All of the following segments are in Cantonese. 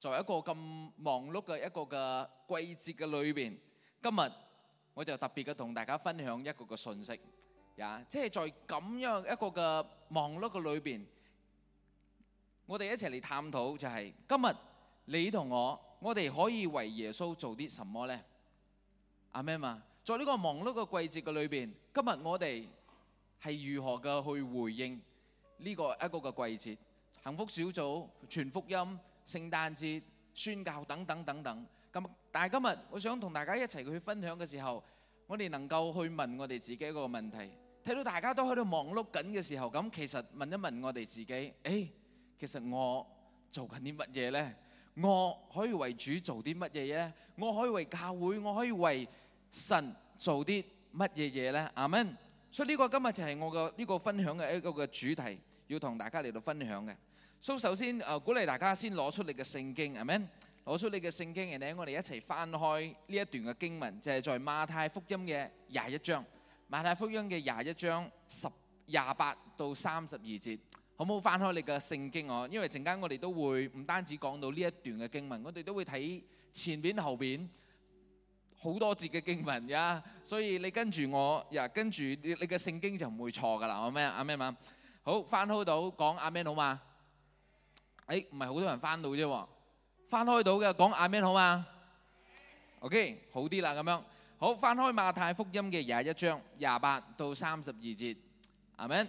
在一個咁忙碌嘅一個嘅季節嘅裏邊，今日我就特別嘅同大家分享一個嘅信息，即係在咁樣一個嘅忙碌嘅裏面，我哋一齊嚟探討就係今日你同我，我哋可以為耶穌做啲什麼呢？阿 m 嘛，在呢個忙碌嘅季節嘅裏邊，今日我哋係如何嘅去回應呢個一個嘅季節？幸福小組全福音、聖誕節宣教等等等等，咁但係今日我想同大家一齊去分享嘅時候，我哋能夠去問我哋自己一個問題。睇到大家都喺度忙碌緊嘅時候，咁其實問一問我哋自己，誒，其實我做緊啲乜嘢呢？我可以為主做啲乜嘢呢？我可以為教會，我可以為神做啲乜嘢嘢呢？阿們，所以呢個今日就係我嘅呢個分享嘅一個嘅主題，要同大家嚟到分享嘅。所以首先誒鼓勵大家先攞出你嘅聖經，係咪？攞出你嘅聖經，然後我哋一齊翻開呢一段嘅經文，就係在馬太福音嘅廿一章。馬太福音嘅廿一章十廿八到三十二節，好唔好翻開你嘅聖經哦？因為陣間我哋都會唔單止講到呢一段嘅經文，我哋都會睇前邊後邊好多節嘅經文嘅，所以你跟住我呀，跟住你嘅聖經就唔會錯㗎啦。好咩？阿們？好，翻開到講阿們好嘛？哎，唔係好多人翻到啫，翻開到嘅，講阿們好嘛？OK，好啲啦咁樣。好，翻開馬太福音嘅廿一章廿八到三十二節，阿們？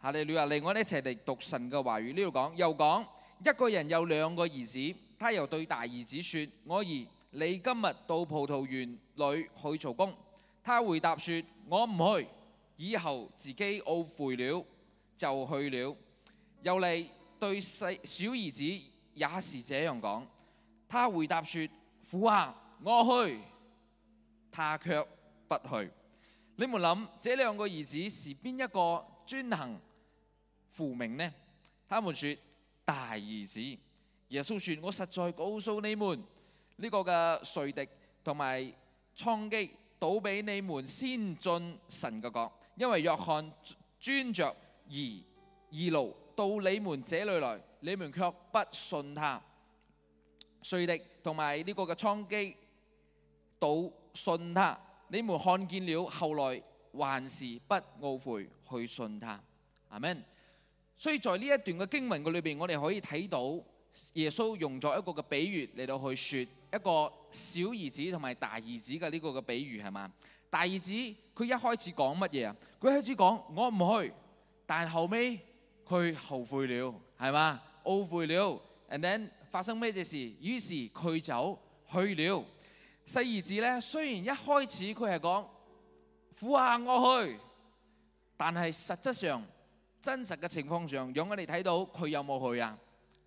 下嚟你話嚟，我哋一齊嚟讀神嘅話語。呢度講又講一個人有兩個兒子，他又對大兒子說：我兒，你今日到葡萄園裏去做工。他回答說：我唔去，以後自己懊悔了就去了。又嚟。對細小兒子也是這樣講，他回答說：父啊，我去。他卻不去。你們諗，這兩個兒子是邊一個遵行父命呢？他們說：大兒子。耶穌說：我實在告訴你們，呢、這個嘅稅吏同埋娼妓倒俾你們先進神嘅國，因為約翰遵著義路。到你們這裏來，你們卻不信他。稅吏同埋呢個嘅娼妓倒信他，你們看見了，後來還是不懊悔去信他。阿們，所以在呢一段嘅經文嘅裏邊，我哋可以睇到耶穌用咗一個嘅比喻嚟到去說一個小兒子同埋大兒子嘅呢個嘅比喻係嘛？大兒子佢一開始講乜嘢啊？佢開始講我唔去，但後尾……佢後悔了，係嘛？懊悔了，and then 發生咩嘢事？於是佢就去了。細兒子呢，雖然一開始佢係講俯下我去，但係實質上、真實嘅情況上，讓我哋睇到佢有冇去啊？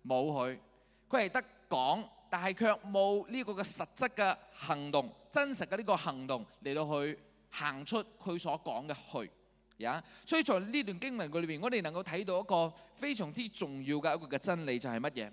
冇去。佢係得講，但係卻冇呢個嘅實質嘅行動，真實嘅呢個行動嚟到去行出佢所講嘅去。Yeah. 所以在呢段經文裏面，我哋能夠睇到一個非常之重要嘅一個嘅真理，就係乜嘢？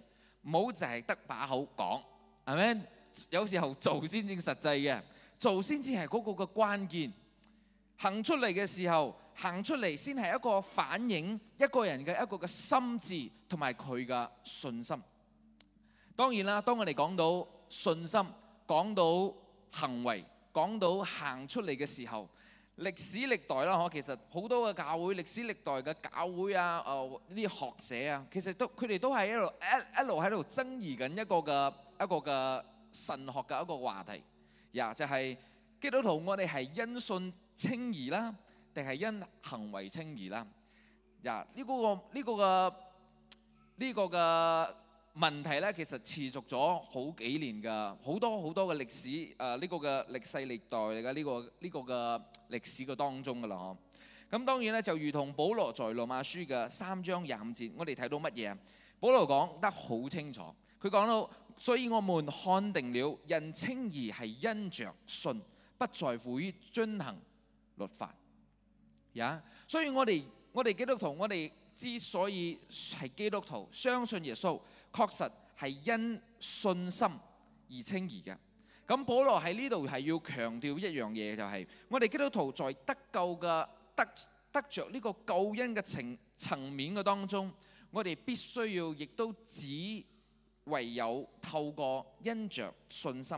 歷史歷代啦，嗬，其實好多嘅教會歷史歷代嘅教會啊，哦，呢啲學者啊，其實都佢哋都係一路一一路喺度爭議緊一個嘅一個嘅神學嘅一個話題，呀，就係基督徒我哋係因信稱義啦，定係因行為稱義啦？呀，呢個個呢個嘅呢個嘅。問題咧，其實持續咗好幾年嘅，好多好多嘅歷史，誒、呃、呢、這個嘅歷世歷代嚟嘅呢個呢、這個嘅歷史嘅當中㗎啦，咁當然咧，就如同保羅在羅馬書嘅三章廿五節，我哋睇到乜嘢？保羅講得好清楚，佢講到，所以我們看定了，人稱義係因着信，不在乎於遵行律法。呀、yeah?，所以我哋我哋基督徒，我哋之所以係基督徒，相信耶穌。確實係因信心而稱義嘅。咁，保羅喺呢度係要強調一樣嘢，就係、是、我哋基督徒在得救嘅得得著呢個救恩嘅層層面嘅當中，我哋必須要，亦都只唯有透過因着信心，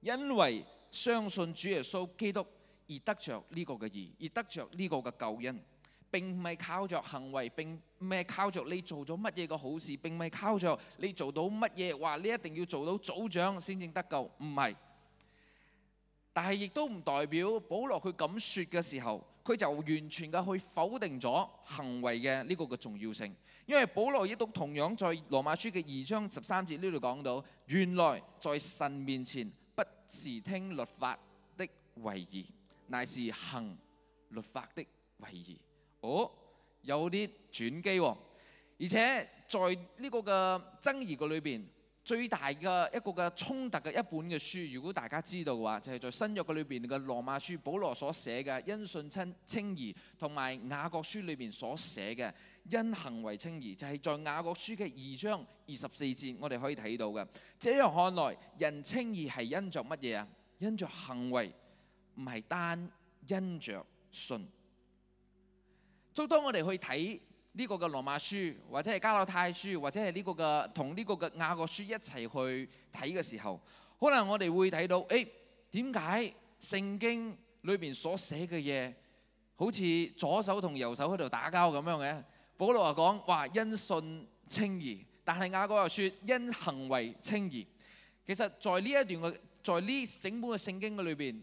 因為相信主耶穌基督而得着呢個嘅義，而得着呢個嘅救恩。並唔係靠着行為，並唔係靠着你做咗乜嘢個好事，並唔係靠着你做到乜嘢。話你一定要做到組長先至得救，唔係。但係亦都唔代表保羅佢咁説嘅時候，佢就完全嘅去否定咗行為嘅呢個嘅重要性。因為保羅亦都同樣在羅馬書嘅二章十三節呢度講到，原來在神面前不是聽律法的為義，乃是行律法的為義。哦，有啲轉機喎，而且在呢個嘅爭議嘅裏邊，最大嘅一個嘅衝突嘅一本嘅書，如果大家知道嘅話，就係、是、在新約嘅裏邊嘅羅馬書，保羅所寫嘅因信稱義，同埋雅各書裏邊所寫嘅因行為稱義，就係、是、在雅各書嘅二章二十四節，我哋可以睇到嘅。這樣看來，人稱義係因着乜嘢啊？因着行為，唔係單因着信。都以當我哋去睇呢個嘅羅馬書，或者係加拉太書，或者係呢個嘅同呢個嘅雅各書一齊去睇嘅時候，可能我哋會睇到，誒，點解聖經裏邊所寫嘅嘢好似左手同右手喺度打交咁樣嘅？保羅話講話因信稱義，但係雅各又說因行為稱義。其實在呢一段嘅，在呢整本嘅聖經嘅裏邊，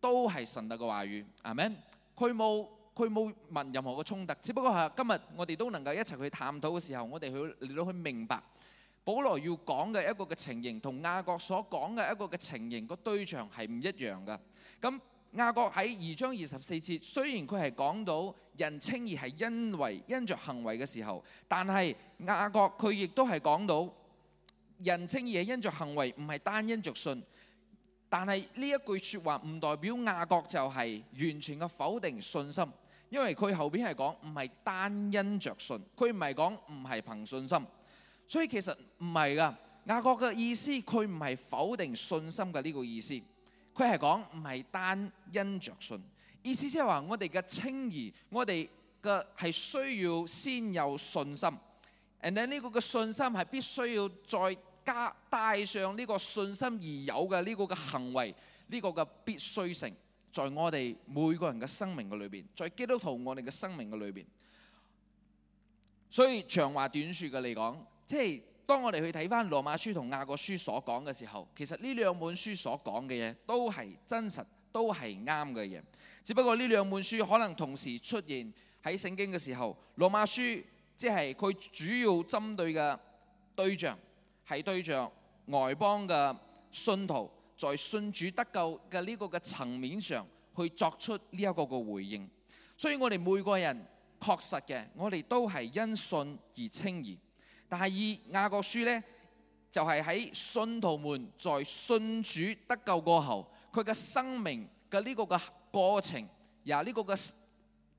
都係神嘅嘅話語，係咪？佢冇。佢冇問任何個衝突，只不過係今日我哋都能夠一齊去探討嘅時候，我哋去嚟到去明白保羅要講嘅一個嘅情形，同雅各所講嘅一個嘅情形個對象係唔一樣㗎。咁雅各喺二章二十四節，雖然佢係講到人稱義係因為因著行為嘅時候，但係雅各佢亦都係講到人稱義係因著行為唔係單因著信，但係呢一句説話唔代表雅各就係完全嘅否定信心。因為佢後邊係講唔係單因着信，佢唔係講唔係憑信心，所以其實唔係㗎，雅各嘅意思，佢唔係否定信心嘅呢個意思，佢係講唔係單因着信，意思即係話我哋嘅稱義，我哋嘅係需要先有信心 And then，呢個嘅信心係必須要再加帶上呢個信心而有嘅呢個嘅行為，呢、這個嘅必須性。在我哋每個人嘅生命嘅裏邊，在基督徒我哋嘅生命嘅裏邊，所以長話短說嘅嚟講，即係當我哋去睇翻羅馬書同雅各書所講嘅時候，其實呢兩本書所講嘅嘢都係真實，都係啱嘅嘢。只不過呢兩本書可能同時出現喺聖經嘅時候，羅馬書即係佢主要針對嘅對象係對象外邦嘅信徒。在信主得救嘅呢個嘅層面上，去作出呢一個嘅回應，所以我哋每個人確實嘅，我哋都係因信而稱義。而但係以雅各書咧，就係喺信徒們在信主得救過後，佢嘅生命嘅呢個嘅過程，由呢個嘅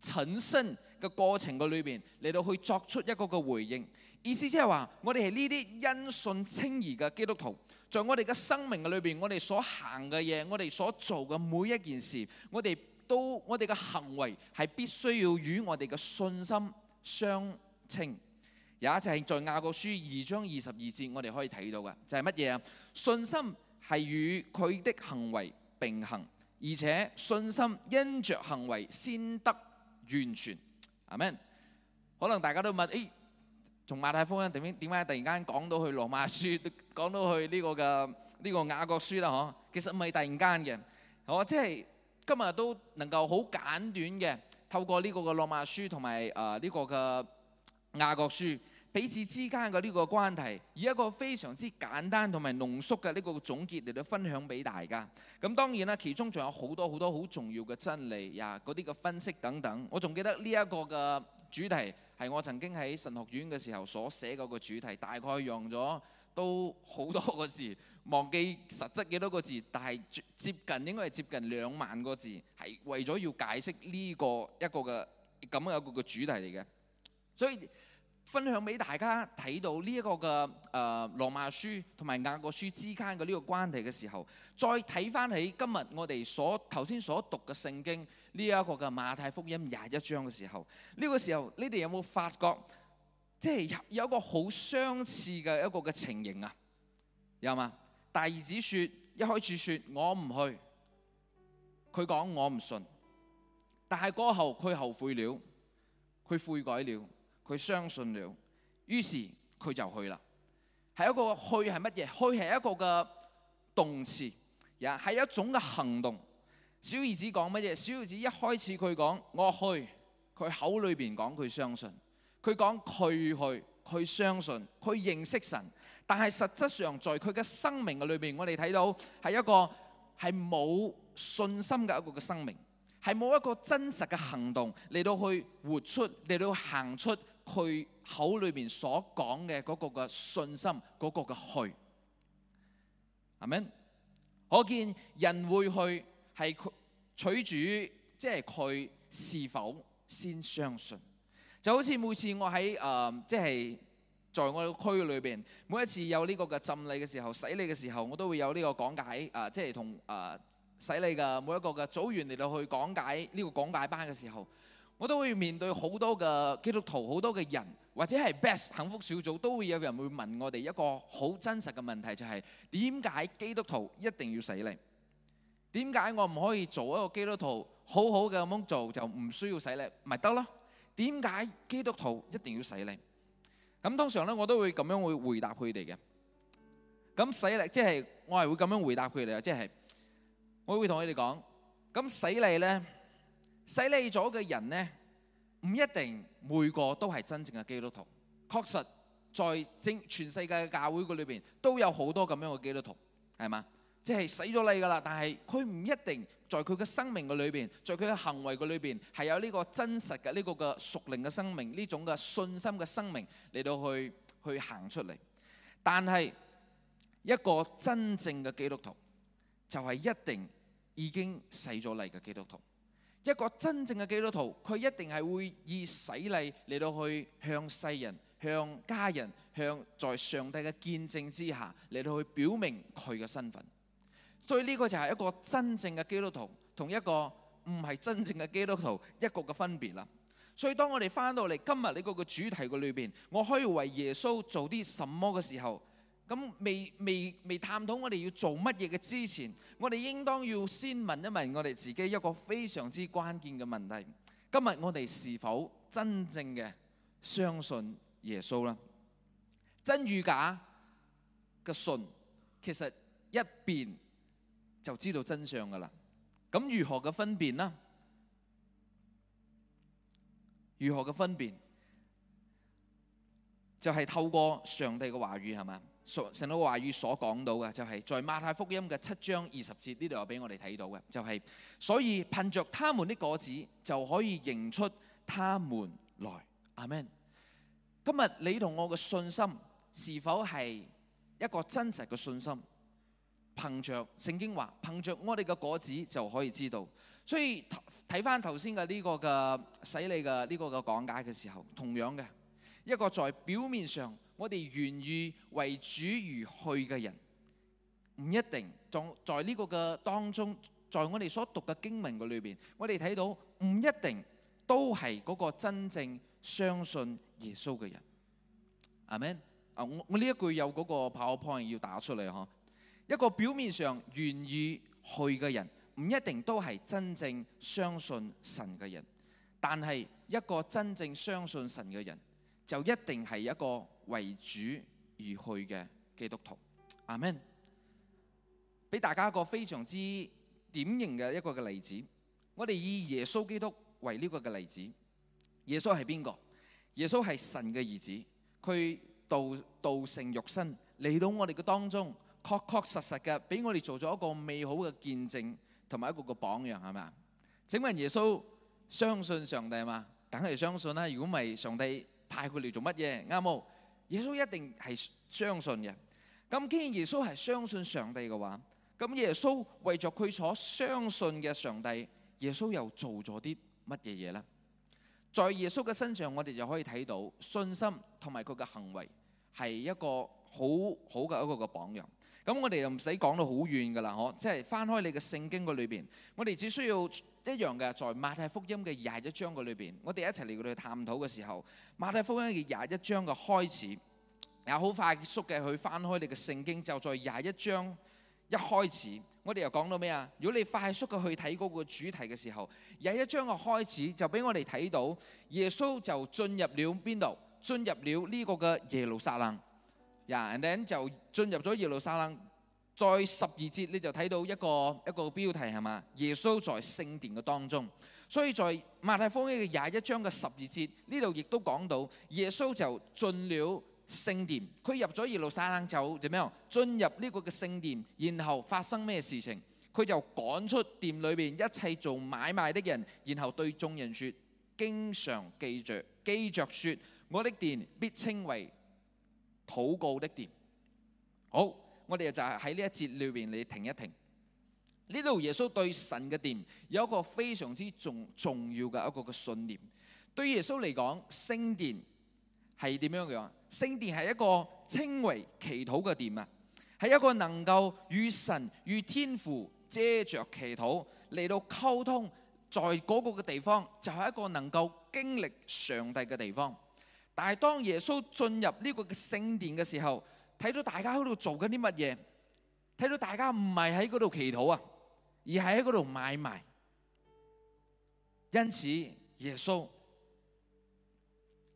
產生。嘅過程嘅裏邊嚟到去作出一個個回應，意思即係話我哋係呢啲因信稱義嘅基督徒，在我哋嘅生命嘅裏邊，我哋所行嘅嘢，我哋所做嘅每一件事，我哋都，我哋嘅行為係必須要與我哋嘅信心相稱。也就係在雅各書二章二十二節，我哋可以睇到嘅就係乜嘢啊？信心係與佢的行為並行，而且信心因着行為先得完全。阿們。可能大家都問，誒，從馬太福音點點解突然間講到去羅馬書，講到去呢個嘅呢個雅各書啦？嗬，其實唔係突然間嘅，我即係今日都能夠好簡短嘅，透過呢個嘅羅馬書同埋啊呢個嘅雅各書。彼此之間嘅呢個關係，以一個非常之簡單同埋濃縮嘅呢個總結嚟到分享俾大家。咁當然啦，其中仲有好多好多好重要嘅真理呀，嗰啲嘅分析等等。我仲記得呢一個嘅主題係我曾經喺神學院嘅時候所寫嗰個主題，大概用咗都好多個字，忘記實質幾多個字，但係接近應該係接近兩萬個字，係為咗要解釋呢個一個嘅咁樣一個嘅主題嚟嘅，所以，分享俾大家睇到呢一個嘅，誒、呃，羅馬書同埋雅各書之間嘅呢個關係嘅時候，再睇翻起今日我哋所頭先所讀嘅聖經呢一，這個嘅馬太福音廿一章嘅時候，呢、這個時候你哋有冇發覺，即係有，有一個好相似嘅一個嘅情形啊？有嘛？大兒子說，一開始說我唔去，佢講我唔信，但係過後佢後悔了，佢悔改了。佢相信了，於是佢就去了。係一個去係乜嘢？去係一個嘅動詞，也係一種嘅行動。小兒子講乜嘢？小兒子一開始佢講我去，佢口裏面講佢相信，佢講佢去，佢相信，佢認識神。但係實質上，在佢嘅生命嘅裏面，我哋睇到係一個係冇信心嘅一個嘅生命，係冇一個真實嘅行動嚟到去活出，嚟到行出。佢口裏邊所講嘅嗰個嘅信心，嗰、那個嘅去，係咪？可見人會去係取主，即係佢是否先相信？就好似每次我喺誒，即、呃、係、就是、在我哋個區裏邊，每一次有呢個嘅浸禮嘅時候、洗禮嘅時候，我都會有呢個講解啊，即係同啊洗禮嘅每一個嘅組員嚟到去講解呢、這個講解班嘅時候。我都會面對好多嘅基督徒，好多嘅人或者係 Best 幸福小組，都會有人會問我哋一個好真實嘅問題，就係點解基督徒一定要洗禮？點解我唔可以做一個基督徒好好嘅咁樣做就唔需要洗禮，咪得咯？點解基督徒一定要洗禮？咁通常咧，我都會咁樣會回答佢哋嘅。咁洗禮即係我係會咁樣回答佢哋啊！即係我會同佢哋講，咁洗禮咧。洗禮咗嘅人呢，唔一定每個都係真正嘅基督徒。確實，在整全世界嘅教會嘅裏邊，都有好多咁樣嘅基督徒，係嘛？即係洗咗禮噶啦，但係佢唔一定在佢嘅生命嘅裏邊，在佢嘅行為嘅裏邊，係有呢個真實嘅呢個嘅屬靈嘅生命，呢種嘅信心嘅生命嚟到去去行出嚟。但係一個真正嘅基督徒，就係一定已經洗咗禮嘅基督徒。一個真正嘅基督徒，佢一定係會以洗禮嚟到去向世人、向家人、向在上帝嘅見證之下嚟到去表明佢嘅身份。所以呢個就係一個真正嘅基督徒，同一個唔係真正嘅基督徒一個嘅分別啦。所以當我哋翻到嚟今日呢個嘅主題嘅裏邊，我可以為耶穌做啲什麼嘅時候？咁未未未探討我哋要做乜嘢嘅之前，我哋應當要先問一問我哋自己一個非常之關鍵嘅問題：今日我哋是否真正嘅相信耶穌啦？真與假嘅信，其實一辨就知道真相㗎喇。咁如何嘅分辨呢？如何嘅分辨？就係、是、透過上帝嘅話語係嘛？成個話語所講到嘅就係、是、在馬太福音嘅七章二十節呢度又俾我哋睇到嘅，就係、是、所以憑着他們的果子就可以認出他們來。阿們，今日你同我嘅信心是否係一個真實嘅信心？憑着聖經話，憑着我哋嘅果子就可以知道。所以睇翻頭先嘅呢個嘅洗禮嘅呢個嘅講、這個、解嘅時候，同樣嘅。一個在表面上我哋願意為主而去嘅人，唔一定仲在呢個嘅當中，在我哋所讀嘅經文嘅裏邊，我哋睇到唔一定都係嗰個真正相信耶穌嘅人。阿 m 啊我我呢一句有嗰個 power point 要打出嚟呵。一個表面上願意去嘅人，唔一定都係真正相信神嘅人。但係一個真正相信神嘅人。就一定係一個為主而去嘅基督徒，阿門，俾大家一個非常之典型嘅一個嘅例子，我哋以耶穌基督為呢個嘅例子。耶穌係邊個？耶穌係神嘅兒子，佢道道成肉身嚟到我哋嘅當中，確確實實嘅俾我哋做咗一個美好嘅見證，同埋一個嘅榜樣，係咪啊？請問耶穌相信上帝係嘛？梗係相信啦，如果唔係上帝。派佢嚟做乜嘢？啱冇？耶穌一定係相信嘅。咁既然耶穌係相信上帝嘅話，咁耶穌為咗佢所相信嘅上帝，耶穌又做咗啲乜嘢嘢呢？在耶穌嘅身上，我哋就可以睇到信心同埋佢嘅行為係一個好好嘅一個嘅榜樣。咁我哋又唔使講到好遠噶啦，可即係翻開你嘅聖經嘅裏邊，我哋只需要。一樣嘅，在馬太福音嘅廿一章嘅裏邊，我哋一齊嚟到去探討嘅時候，馬太福音嘅廿一章嘅開始，又好快速嘅去翻開你嘅聖經，就在廿一章一開始，我哋又講到咩啊？如果你快速嘅去睇嗰個主題嘅時候，廿一章嘅開始就俾我哋睇到耶穌就進入了邊度？進入了呢個嘅耶路撒冷，然後然後就進入咗耶路撒冷。再十二節你就睇到一個一個標題係嘛？耶穌在聖殿嘅當中，所以在馬太福音嘅廿一章嘅十二節呢度亦都講到耶穌就進了聖殿，佢入咗耶路撒冷就點樣？進入呢個嘅聖殿，然後發生咩事情？佢就趕出店裏面一切做買賣的人，然後對眾人說：經常記着，記着說，我的殿必稱為禱告的殿」。」好。我哋就係喺呢一節裏邊，你停一停。呢度耶穌對神嘅殿有一個非常之重重要嘅一個嘅信念。對耶穌嚟講，聖殿係點樣樣？聖殿係一個稱為祈禱嘅殿啊，係一個能夠與神與天父藉着祈禱嚟到溝通，在嗰個嘅地方就係一個能夠經歷上帝嘅地方。但係當耶穌進入呢個嘅聖殿嘅時候，睇到大家喺度做緊啲乜嘢？睇到大家唔係喺嗰度祈禱啊，而係喺嗰度買賣。因此，耶穌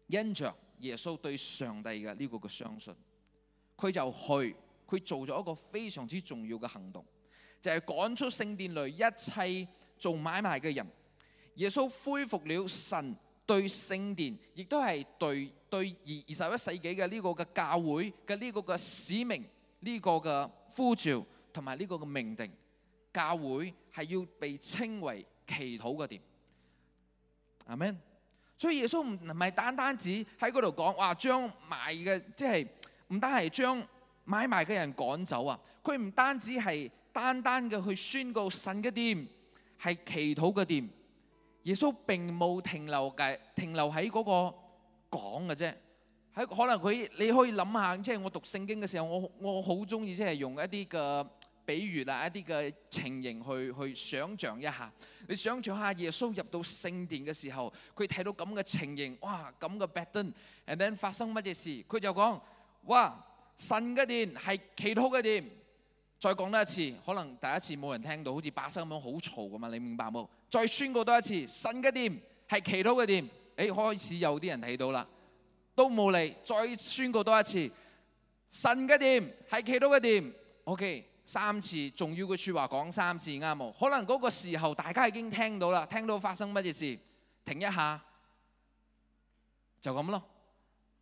因着耶穌對上帝嘅呢個嘅相信，佢就去佢做咗一個非常之重要嘅行動，就係趕出聖殿裡一切做買賣嘅人。耶穌恢復了神，對聖殿，亦都係對對二二十一世紀嘅呢個嘅教會嘅呢個嘅使命，呢個嘅呼召同埋呢個嘅命定，教會係要被稱為祈禱嘅殿。阿門。所以耶穌唔唔係單單只喺嗰度講，話將賣嘅即係唔單係將買賣嘅人趕走啊，佢唔單止係單單嘅去宣告神嘅殿係祈禱嘅殿。耶穌並冇停留計，停留喺嗰個講嘅啫。喺可能佢，你可以諗下，即係我讀聖經嘅時候，我我好中意即係用一啲嘅比喻啊，一啲嘅情形去去想象一下。你想象下耶穌入到聖殿嘅時候，佢睇到咁嘅情形，哇，咁嘅 badness，and then 發生乜嘢事？佢就講：哇，神嘅殿係祈禱嘅殿。再講多一次，可能第一次冇人聽到，好似巴刹咁樣好嘈噶嘛，你明白冇？再宣告多一次，神嘅殿係祈禱嘅殿，誒開始有啲人睇到啦，都冇嚟。再宣告多一次，神嘅殿係祈禱嘅殿。OK，三次重要嘅說話講三次啱冇？可能嗰個時候大家已經聽到啦，聽到發生乜嘢事，停一下就咁咯。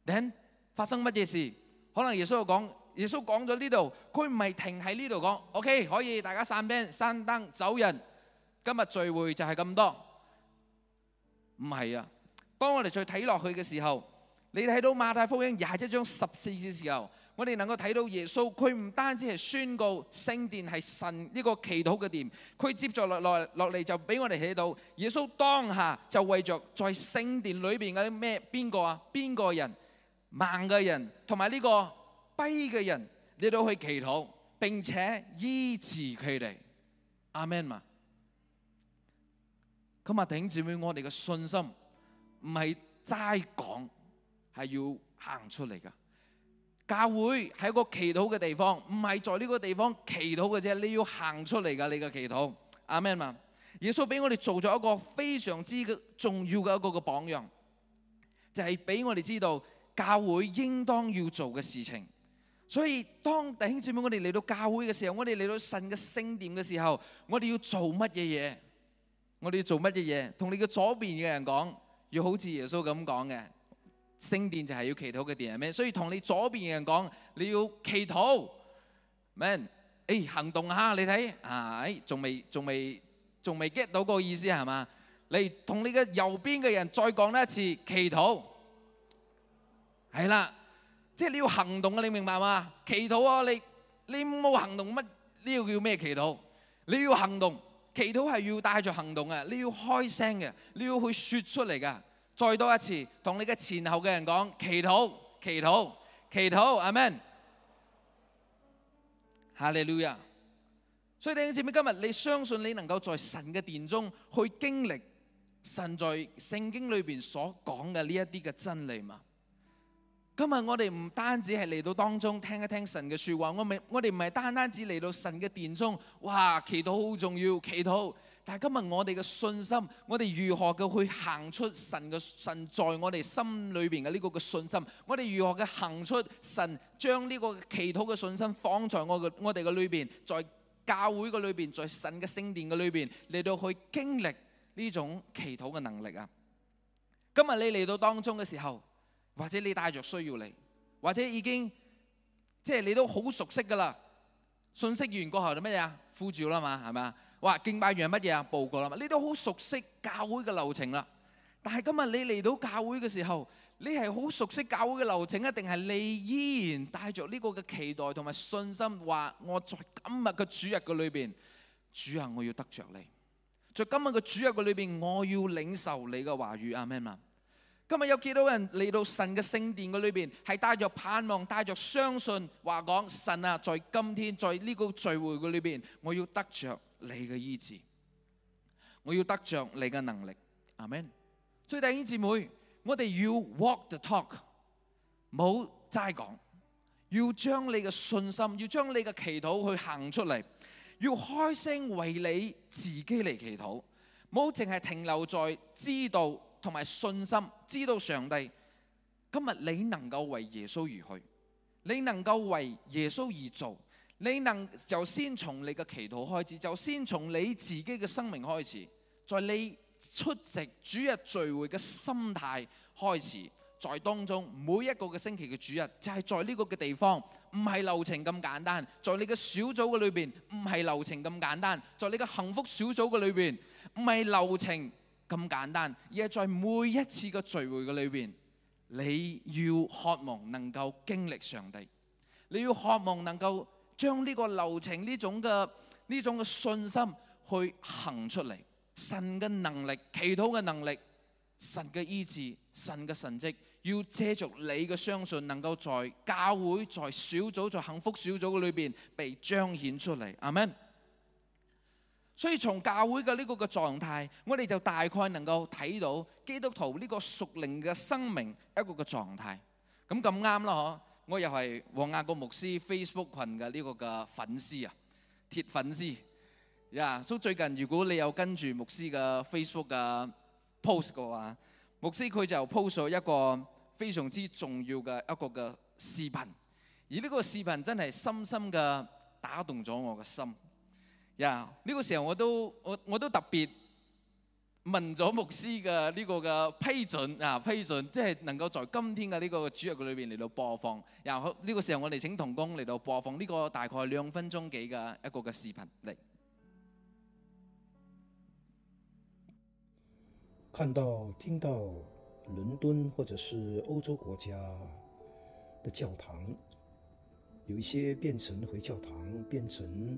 等發生乜嘢事？可能耶穌講，耶穌講咗呢度，佢唔係停喺呢度講。OK，可以大家散兵散燈走人。今日聚會就係咁多，唔係啊！當我哋再睇落去嘅時候，你睇到馬太福音廿一章十四節嘅時候，我哋能夠睇到耶穌，佢唔單止係宣告聖殿係神呢個祈禱嘅殿，佢接著落落落嚟就俾我哋睇到耶穌當下就為著在聖殿裏邊啲咩邊個啊邊個人盲嘅人同埋呢個跛嘅人，你都去祈禱並且醫治佢哋。阿門嘛！咁啊，弟兄姊妹，我哋嘅信心唔係齋講，係要行出嚟噶。教會係一個祈禱嘅地方，唔係在呢個地方祈禱嘅啫。你要行出嚟噶，你嘅祈禱。阿門嘛，耶穌俾我哋做咗一個非常之重要嘅一個嘅榜樣，就係、是、俾我哋知道教會應當要做嘅事情。所以，當弟兄姊妹我哋嚟到教會嘅時候，我哋嚟到神嘅聖殿嘅時候，我哋要做乜嘢嘢？我哋要做乜嘢？同你嘅左邊嘅人講，要好似耶穌咁講嘅，聖殿就係要祈禱嘅殿，係咩？所以同你左邊嘅人講，你要祈禱，man。誒，行動下，你睇啊，誒，仲未，仲未，仲未 get 到個意思係嘛？嚟，同你嘅右邊嘅人再講一次，祈禱，係啦，即係你要行動啊！你明白嘛？祈禱啊，你你冇行動，乜呢個叫咩祈禱？你要行動。祈禱係要帶着行動嘅，你要開聲嘅，你要去說出嚟噶。再多一次，同你嘅前後嘅人講祈禱、祈禱、祈禱。阿門，哈利路亞。Hallelujah. 所以弟兄姊妹今日，你相信你能夠在神嘅殿中去經歷神在聖經裏邊所講嘅呢一啲嘅真理嘛？今日我哋唔單止係嚟到當中聽一聽神嘅說話，我唔我哋唔係單單只嚟到神嘅殿中，哇！祈禱好重要，祈禱。但係今日我哋嘅信心，我哋如何嘅去行出神嘅神在我哋心裏邊嘅呢個嘅信心？我哋如何嘅行出神將呢個祈禱嘅信心放在我嘅我哋嘅裏邊，在教會嘅裏邊，在神嘅聖殿嘅裏邊嚟到去經歷呢種祈禱嘅能力啊！今日你嚟到當中嘅時候。或者你帶着需要嚟，或者已經即係你都好熟悉噶啦。信息完過後就乜嘢啊？呼召啦嘛，係咪啊？哇，敬拜完係乜嘢啊？報告啦嘛。你都好熟悉教會嘅流程啦。但係今日你嚟到教會嘅時候，你係好熟悉教會嘅流程啊？定係你依然帶着呢個嘅期待同埋信心，話我在今日嘅主日嘅裏邊，主啊，我要得着你。在今日嘅主日嘅裏邊，我要領受你嘅話語啊，咩嘛？今日有幾多人嚟到神嘅聖殿裏邊，係帶着盼望、帶着相信，話講，神啊，在今天在呢個聚會裏邊，我要得着你嘅醫治，我要得着你嘅能力。阿們。弟兄姊妹，我哋要 walk the talk，冇齋講，要將你嘅信心，要將你嘅祈禱去行出嚟，要開聲為你自己嚟祈禱，冇淨係停留在知道。同埋信心，知道上帝今日你能夠為耶穌而去，你能夠為耶穌而做，你能就先從你嘅祈禱開始，就先從你自己嘅生命開始，在你出席主日聚會嘅心態開始，在當中每一個嘅星期嘅主日就係在呢個嘅地方，唔係流程咁簡單，在你嘅小組嘅裏邊唔係流程咁簡單，在你嘅幸福小組嘅裏邊唔係流程咁簡單，而係在每一次嘅聚會嘅裏邊，你要渴望能夠經歷上帝，你要渴望能夠將呢個流程呢種嘅呢種嘅信心去行出嚟，神嘅能力、祈禱嘅能力、神嘅醫治、神嘅神蹟，要借助你嘅相信，能夠在教會、在小組、在幸福小組嘅裏邊被彰顯出嚟。阿門。所以從教會嘅呢個嘅狀態，我哋就大概能夠睇到基督徒呢個屬靈嘅生命一個嘅狀態。咁咁啱啦，我又係黃雅各牧師 Facebook 群嘅呢個嘅粉絲啊，鐵粉絲。呀，so 最近如果你有跟住牧師嘅 Facebook 嘅 post 嘅話，牧師佢就 post 咗一個非常之重要嘅一個嘅視頻，而呢個視頻真係深深嘅打動咗我嘅心。呀！呢個時候我都我我都特別問咗牧師嘅呢個嘅批准啊，批准，即係能夠在今天嘅呢個主日嘅裏邊嚟到播放。然後呢個時候我哋請同工嚟到播放呢個大概兩分鐘幾嘅一個嘅視頻嚟。看到、聽到，倫敦或者是歐洲國家嘅教堂，有一些變成回教堂，變成。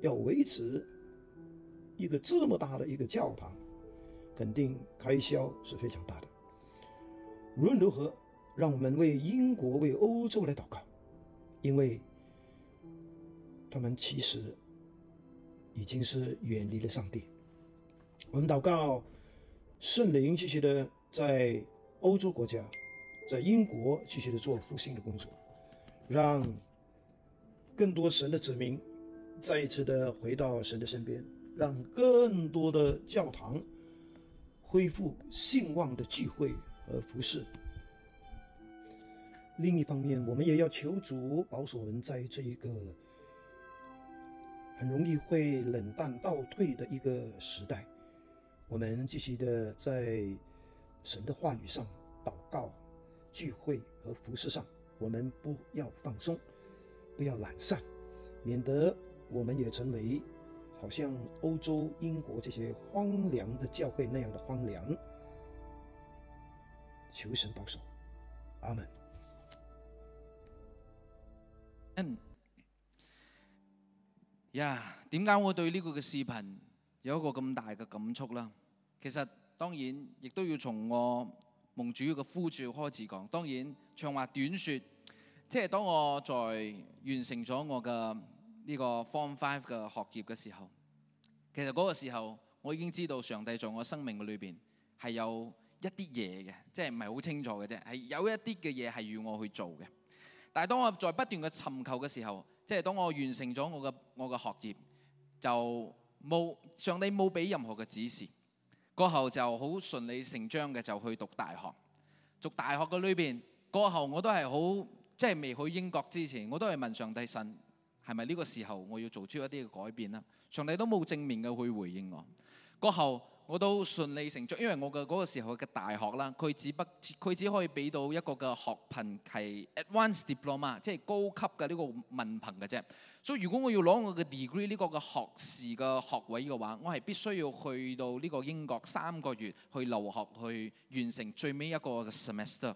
要維持一個這麼大的一個教堂，肯定開銷是非常大的。無論如何，讓我們為英國、為歐洲來禱告，因為他們其實已經是遠離了上帝。我們禱告聖靈繼續的在歐洲國家，在英國繼續的做復興的工作，讓更多神的子民。再一次的回到神的身邊，讓更多的教堂恢復興旺的聚會和服事。另一方面，我們也要求主保守我們，在這一個很容易會冷淡倒退的一個時代，我們繼續的在神的話語上禱告，聚會和服事上，我們不要放鬆，不要懶散，免得。我們也成為，好像歐洲英國這些荒涼的教會那樣的荒涼。求神保守，阿門。And yeah，點解我對呢個嘅視頻有一個咁大嘅感觸啦？其實當然亦都要從我蒙主嘅呼召開始講。當然長話短說，即係當我在完成咗我嘅。呢、這個 form five 嘅學業嘅時候，其實嗰個時候，我已經知道上帝在我嘅生命裏邊係有一啲嘢嘅，即係唔係好清楚嘅啫，係有一啲嘅嘢係要我去做嘅。但係當我在不斷嘅尋求嘅時候，即係當我完成咗我嘅我嘅學業，就冇上帝冇俾任何嘅指示。過後就好順理成章嘅就去讀大學。讀大學嘅裏邊，過後我都係好，即係未去英國之前，我都係問上帝神。係咪呢個時候我要做出一啲嘅改變啦？從嚟都冇正面嘅去回應我。嗰後我都順理成章，因為我嘅嗰個時候嘅大學啦，佢只不佢只可以俾到一個嘅學憑係 Advanced Diploma，即係高級嘅呢個文憑嘅啫。所以如果我要攞我嘅 degree 呢個嘅學士嘅學位嘅話，我係必須要去到呢個英國三個月去留學，去完成最尾一個嘅 semester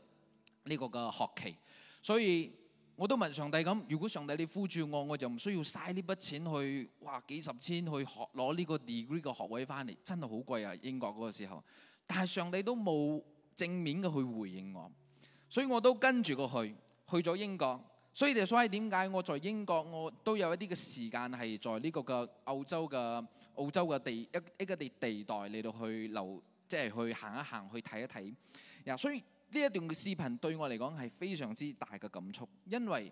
呢個嘅學期。所以。我都問上帝咁，如果上帝你呼住我，我就唔需要嘥呢筆錢去，哇幾十千去攞呢個 degree 嘅學位翻嚟，真係好貴啊！英國嗰個時候，但係上帝都冇正面嘅去回應我，所以我都跟住過去，去咗英國。所以就所以點解我在英國我都有一啲嘅時間係在呢個嘅澳洲嘅澳洲嘅地一一個地地帶嚟到去留，即係去行一行去睇一睇、嗯。所以。呢一段嘅視頻對我嚟講係非常之大嘅感觸，因為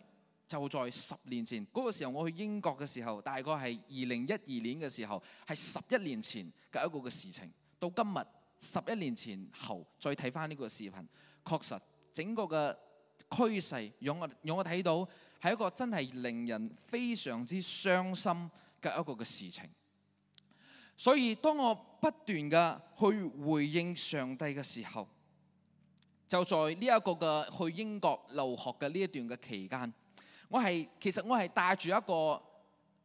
就在十年前嗰個時候，我去英國嘅時候，大概係二零一二年嘅時候，係十一年前嘅一個嘅事情。到今日十一年前後再睇翻呢個視頻，確實整個嘅趨勢讓我讓我睇到係一個真係令人非常之傷心嘅一個嘅事情。所以當我不斷嘅去回應上帝嘅時候，就在呢一個嘅去英國留學嘅呢一段嘅期間，我係其實我係帶住一個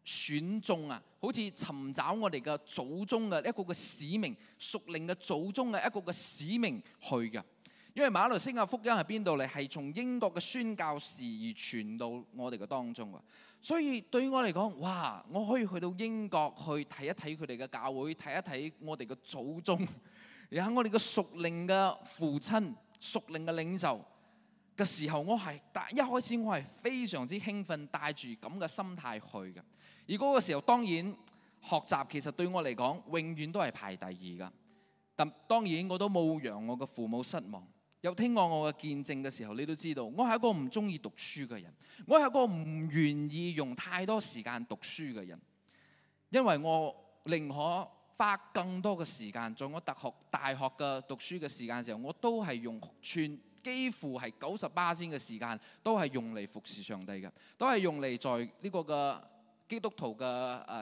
選中啊，好似尋找我哋嘅祖宗嘅一個嘅使命，屬靈嘅祖宗嘅一個嘅使命去㗎。因為馬來西亞福音係邊度嚟？係從英國嘅宣教士而傳到我哋嘅當中啊。所以對於我嚟講，哇！我可以去到英國去睇一睇佢哋嘅教會，睇一睇我哋嘅祖宗，然後我哋嘅屬靈嘅父親。屬靈嘅領袖嘅時候，我係一開始我係非常之興奮，帶住咁嘅心態去嘅。而嗰個時候，當然學習其實對我嚟講，永遠都係排第二噶。咁當然我都冇讓我嘅父母失望。有聽過我嘅見證嘅時候，你都知道，我係一個唔中意讀書嘅人，我係一個唔願意用太多時間讀書嘅人，因為我寧可。花更多嘅時間在我大學大學嘅讀書嘅時間的時候，我都係用全幾乎係九十八先嘅時間，都係用嚟服侍上帝嘅，都係用嚟在呢個嘅基督徒嘅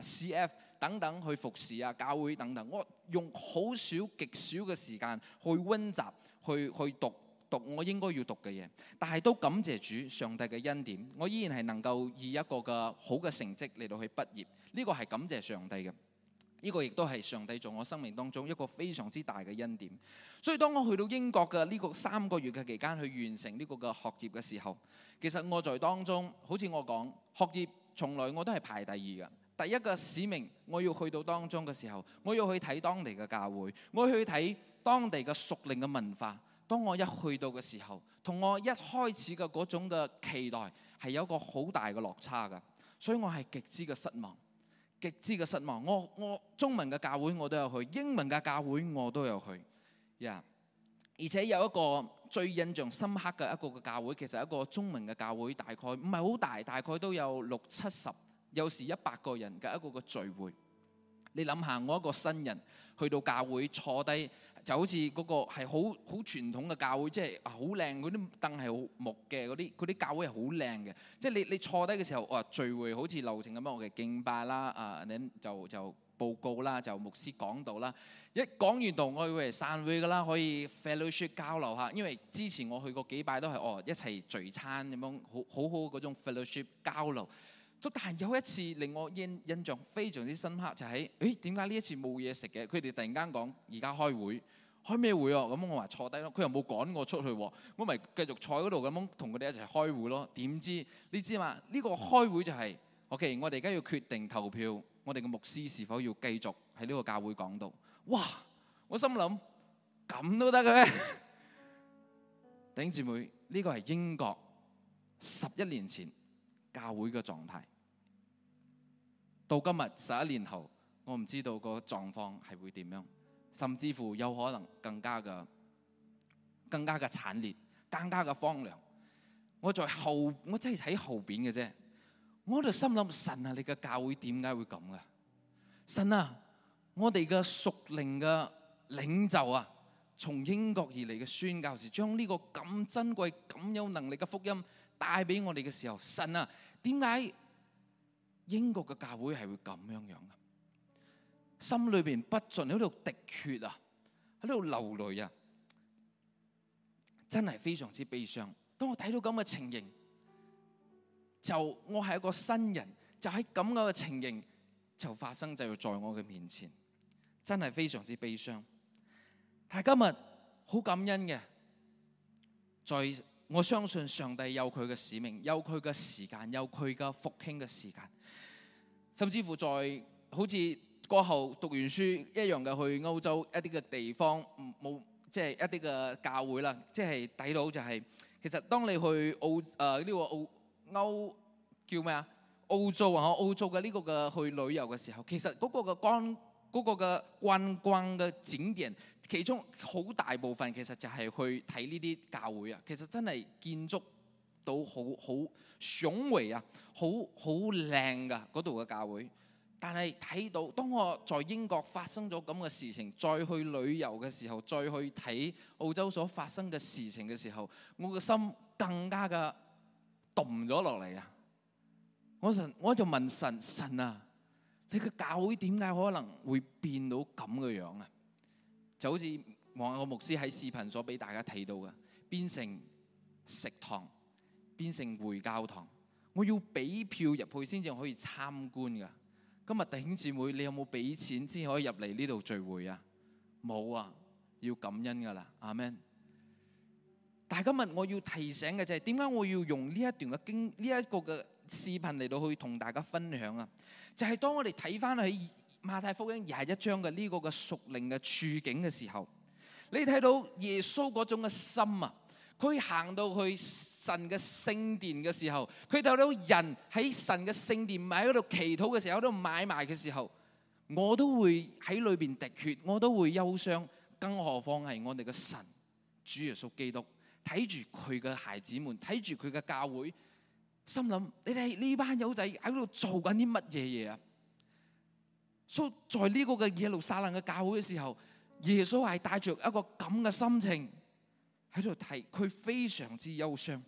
誒 CF 等等去服侍啊，教會等等。我用好少極少嘅時間去溫習，去去讀讀我應該要讀嘅嘢，但係都感謝主上帝嘅恩典，我依然係能夠以一個嘅好嘅成績嚟到去畢業，呢個係感謝上帝嘅。呢、這個亦都係上帝在我生命當中一個非常之大嘅恩典。所以當我去到英國嘅呢個三個月嘅期間去完成呢個嘅學業嘅時候，其實我在當中，好似我講學業從來我都係排第二嘅。第一個使命我要去到當中嘅時候，我要去睇當地嘅教會，我要去睇當地嘅屬靈嘅文化。當我一去到嘅時候，同我一開始嘅嗰種嘅期待係有一個好大嘅落差嘅，所以我係極之嘅失望。極之嘅失望，我我中文嘅教會我都有去，英文嘅教會我都有去，呀，yeah，而且有一個最印象深刻嘅一個嘅教會，其實一個中文嘅教會，大概唔係好大，大概都有六七十，有時一百個人嘅一個嘅聚會。你諗下，我一個新人去到教會坐低，就好似嗰個係好好傳統嘅教會，即係好靚，嗰啲凳係好木嘅，嗰啲嗰啲教會係好靚嘅。即係你你坐低嘅時候，哇！聚會好似流程咁樣，我哋敬拜啦，啊，然後就就報告啦，就牧師講道啦，一講完道我以為散會㗎啦，可以 fellowship 交流下。因為之前我去過幾拜都係哦一齊聚餐咁樣，好好好嗰種 fellowship 交流。但係有一次令我印印象非常之深刻，就是，就喺誒點解呢一次冇嘢食嘅？佢哋突然間講而家開會，開咩會哦？咁我話坐低咯，佢又冇趕我出去，我咪繼續坐嗰度咁樣同佢哋一齊開會咯。點知你知嘛？呢、這個開會就係、是，OK，我哋我哋而家要決定投票，我哋嘅牧師是否要繼續喺呢個教會講道？哇！我心諗咁都得嘅咩？ 弟兄姊妹，呢、這個係英國十一年前教會嘅狀態。到今日十一年後，我唔知道個狀況係會點樣，甚至乎有可能更加嘅更加嘅慘烈，更加嘅荒涼。我在後，我真係喺後邊嘅啫。我就心諗：神啊，你嘅教會點解會咁嘅？神啊，我哋嘅屬靈嘅領袖啊，從英國而嚟嘅宣教士，將呢個咁珍貴、咁有能力嘅福音帶俾我哋嘅時候，神啊，點解？英國嘅教會係會咁樣樣嘅，心裏邊不盡喺度滴血啊，喺度流淚啊，真係非常之悲傷。當我睇到咁嘅情形，就我係一個新人，就喺咁樣嘅情形就發生就要在我嘅面前，真係非常之悲傷。但係今日好感恩嘅，在。我相信上帝有佢嘅使命，有佢嘅時間，有佢嘅復興嘅時間，甚至乎在好似過後讀完書一樣嘅去歐洲一啲嘅地方，冇即係一啲嘅教會啦，即係底到就係、是就是、其實當你去澳誒呢、呃這個澳歐叫咩啊？澳洲啊，澳洲嘅呢個嘅去旅遊嘅時候，其實嗰個嘅觀嗰個嘅觀光嘅景點。其中好大部分其實就係去睇呢啲教會啊，其實真係建築到好好雄偉啊，好好靚噶，嗰度嘅教會。但係睇到當我在英國發生咗咁嘅事情，再去旅遊嘅時候，再去睇澳洲所發生嘅事情嘅時候，我個心更加嘅動咗落嚟啊！我神，我就問神神啊，你個教會點解可能會變到咁嘅樣啊？就好似王我牧師喺視頻所俾大家提到嘅，變成食堂，變成回教堂，我要俾票入去先至可以參觀噶。今日弟兄姊妹，你有冇俾錢先可以入嚟呢度聚會啊？冇啊，要感恩噶啦，阿門。但係今日我要提醒嘅就係、是，點解我要用呢一段嘅經呢一、這個嘅視頻嚟到去同大家分享啊？就係、是、當我哋睇翻喺。馬太福音二十一章嘅呢個嘅屬靈嘅處境嘅時候，你睇到耶穌嗰種嘅心啊，佢行到去神嘅聖殿嘅時候，佢睇到人喺神嘅聖殿唔係喺度祈禱嘅時候，喺度買賣嘅時候，我都會喺裏邊滴血，我都會憂傷，更何況係我哋嘅神主耶穌基督睇住佢嘅孩子們，睇住佢嘅教會，心諗：你哋呢班友仔喺度做緊啲乜嘢嘢啊？所以，在呢個嘅耶路撒冷嘅教會嘅時候，耶穌係帶着一個咁嘅心情喺度睇，佢非常之憂傷。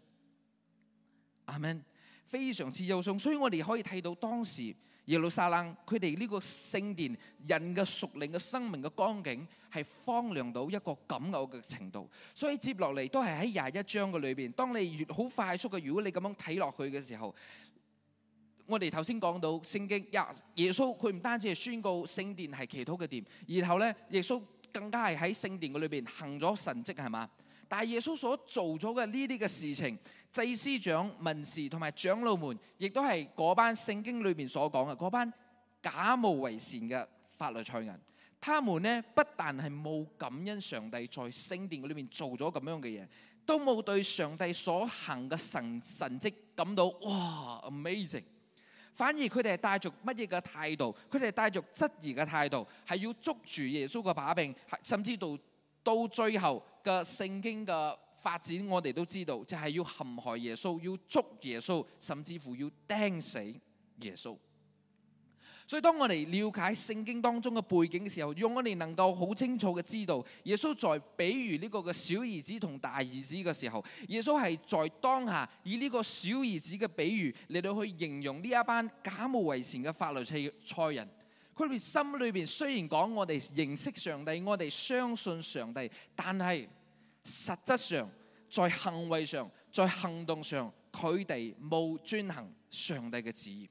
Amen 非常之憂傷，所以我哋可以睇到當時耶路撒冷佢哋呢個聖殿人嘅屬靈嘅生命嘅光景係荒涼到一個咁嘅程度。所以接落嚟都係喺廿一章嘅裏邊，當你越好快速嘅，如果你咁樣睇落去嘅時候。我哋頭先講到聖經，耶耶穌佢唔單止係宣告聖殿係祈禱嘅殿，然後呢耶穌更加係喺聖殿嘅裏邊行咗神跡係嘛？但係耶穌所做咗嘅呢啲嘅事情，祭司長、文士同埋長老們，亦都係嗰班聖經裏邊所講嘅嗰班假冒為善嘅法利賽人，他們呢不但係冇感恩上帝在聖殿裏邊做咗咁樣嘅嘢，都冇對上帝所行嘅神神跡感到哇 amazing！反而佢哋係帶著乜嘢嘅態度？佢哋帶着質疑嘅態度，係要捉住耶穌嘅把柄，甚至到到最後嘅聖經嘅發展，我哋都知道就係要陷害耶穌，要捉耶穌，甚至乎要釘死耶穌。所以，當我哋瞭解聖經當中嘅背景嘅時候，用我哋能夠好清楚嘅知道，耶穌在比喻呢個嘅小兒子同大兒子嘅時候，耶穌係在當下以呢個小兒子嘅比喻嚟到去形容呢一班假冒為善嘅法利賽人。佢哋心裏面雖然講我哋認識上帝，我哋相信上帝，但係實質上在行為上、在行動上，佢哋冇遵行上帝嘅旨意。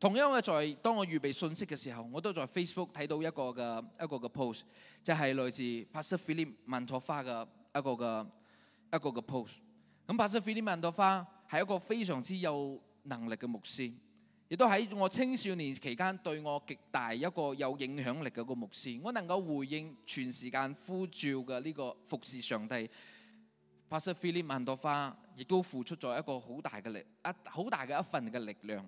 同樣嘅，在當我預備信息嘅時候，我都在 Facebook 睇到一個嘅一個嘅 post，就係來自 Pastor Philip 曼托花嘅一個嘅一個嘅 post。咁 Pastor Philip 曼托花係一個非常之有能力嘅牧師，亦都喺我青少年期間對我極大一個有影響力嘅一個牧師。我能夠回應全時間呼召嘅呢個服侍上帝，Pastor Philip 曼托花亦都付出咗一個好大嘅力，一好大嘅一份嘅力量。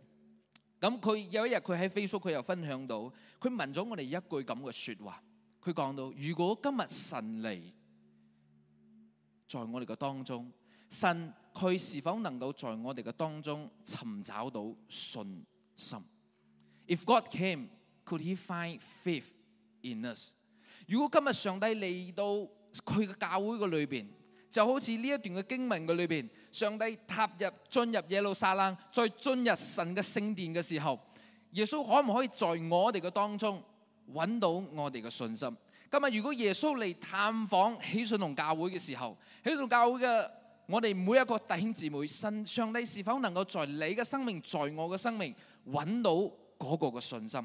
咁佢有一日佢喺 Facebook 佢又分享到，佢問咗我哋一句咁嘅說話，佢講到如果今日神嚟在我哋嘅當中，神佢是否能夠在我哋嘅當中尋找到信心？If God came, could He find faith in us？如果今日上帝嚟到佢嘅教會嘅裏邊。就好似呢一段嘅經文嘅裏邊，上帝踏入進入耶路撒冷，再進入神嘅聖殿嘅時候，耶穌可唔可以在我哋嘅當中揾到我哋嘅信心？今日如果耶穌嚟探訪喜信同教會嘅時候，喜信同教會嘅我哋每一個弟兄姊妹，神上帝是否能夠在你嘅生命，在我嘅生命揾到嗰個嘅信心？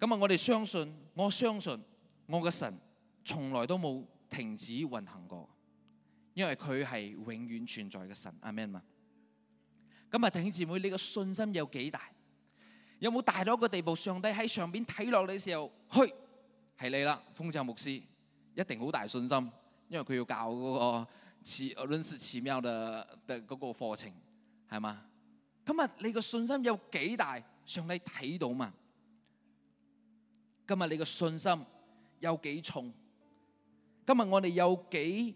咁啊，我哋相信，我相信。我嘅神從來都冇停止運行過，因為佢係永遠存在嘅神。阿們啊？今日弟兄姊妹，你嘅信心有幾大？有冇大到一個地步？上帝喺上邊睇落你嘅時候，嘿，係你啦，豐澤牧師一定好大信心，因為佢要教嗰、嗰個次阿倫士奇妙的、嗰個課程係嘛？今日你嘅信心有幾大？上帝睇到嘛？今日你嘅信心？有幾重？今日我哋有幾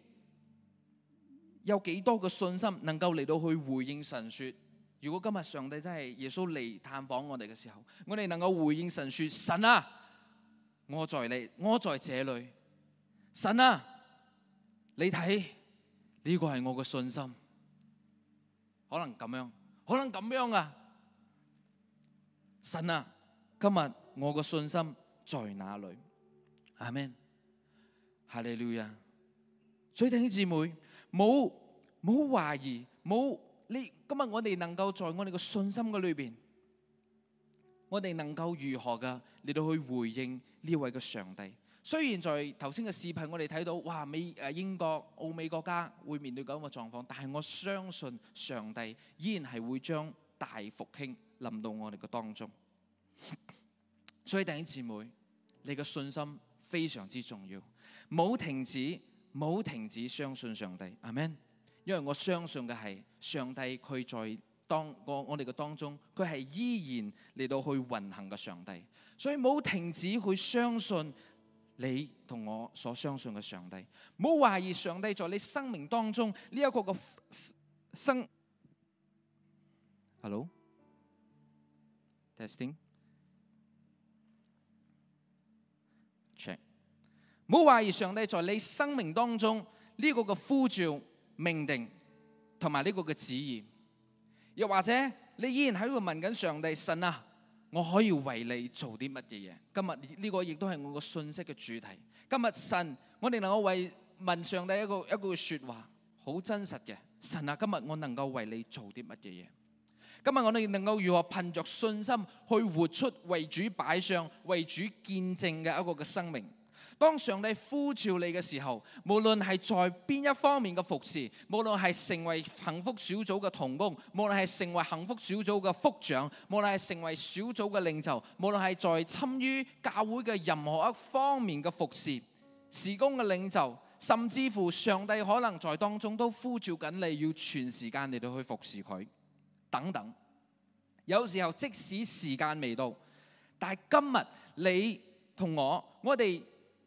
有幾多嘅信心，能夠嚟到去回應神說：如果今日上帝真係耶穌嚟探訪我哋嘅時候，我哋能夠回應神說：神啊，我在你，我在這裏。神啊，你睇，呢個係我嘅信心，可能咁樣，可能咁樣啊。神啊，今日我嘅信心在哪裏？阿們，哈利路亞！所以弟兄姊妹，冇冇懷疑，冇你今日我哋能夠在我哋嘅信心嘅裏邊，我哋能夠如何嘅嚟到去回應呢位嘅上帝？雖然在頭先嘅視頻我哋睇到，哇美誒英國、歐美國家會面對咁嘅狀況，但係我相信上帝依然係會將大復興臨到我哋嘅當中。所以弟兄姊妹，你嘅信心。非常之重要，冇停止，冇停止相信上帝，阿門，因為我相信嘅係上帝，佢在當我我哋嘅當中，佢係依然嚟到去運行嘅上帝，所以冇停止去相信你同我所相信嘅上帝，冇懷疑上帝在你生命當中呢一個嘅生。Hello，testing。唔好懷疑上帝在你生命當中呢個嘅呼召、命定同埋呢個嘅旨意，又或者你依然喺度問緊上帝：神啊，我可以為你做啲乜嘢？今日呢個亦都係我嘅信息嘅主題。今日神，我哋能夠為問上帝一個一句說話，好真實嘅。神啊，今日我能夠為你做啲乜嘢？今日我哋能夠如何憑着信心去活出為主擺上、為主見證嘅一個嘅生命？當上帝呼召你嘅時候，無論係在邊一方面嘅服侍，無論係成為幸福小組嘅同工，無論係成為幸福小組嘅福長，無論係成為小組嘅領袖，無論係在參與教會嘅任何一方面嘅服侍，事工嘅領袖，甚至乎上帝可能在當中都呼召緊你，要全時間你哋去服侍佢等等。有時候即使時間未到，但係今日你同我，我哋。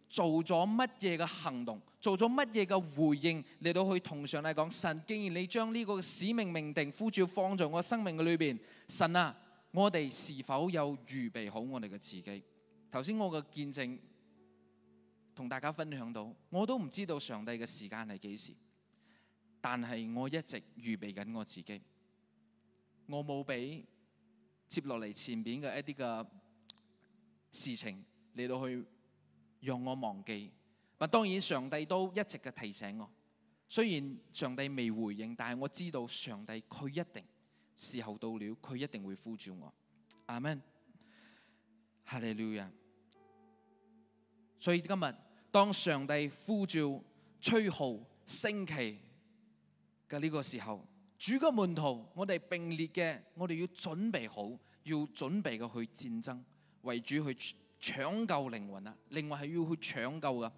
做咗乜嘢嘅行動？做咗乜嘢嘅回應嚟到去同上帝講：神既然你將呢個使命命定呼召放在我生命嘅裏邊，神啊，我哋是否有預備好我哋嘅自己？頭先我嘅見證同大家分享到，我都唔知道上帝嘅時間係幾時，但係我一直預備緊我自己，我冇俾接落嚟前邊嘅一啲嘅事情嚟到去。讓我忘記，但當然上帝都一直嘅提醒我。雖然上帝未回應，但係我知道上帝佢一定時候到了，佢一定會呼召我。阿門，哈利路亞。所以今日當上帝呼召、吹號、升旗嘅呢個時候，主嘅門徒，我哋並列嘅，我哋要準備好，要準備過去戰爭為主去。搶救靈魂啊，靈魂係要去搶救噶。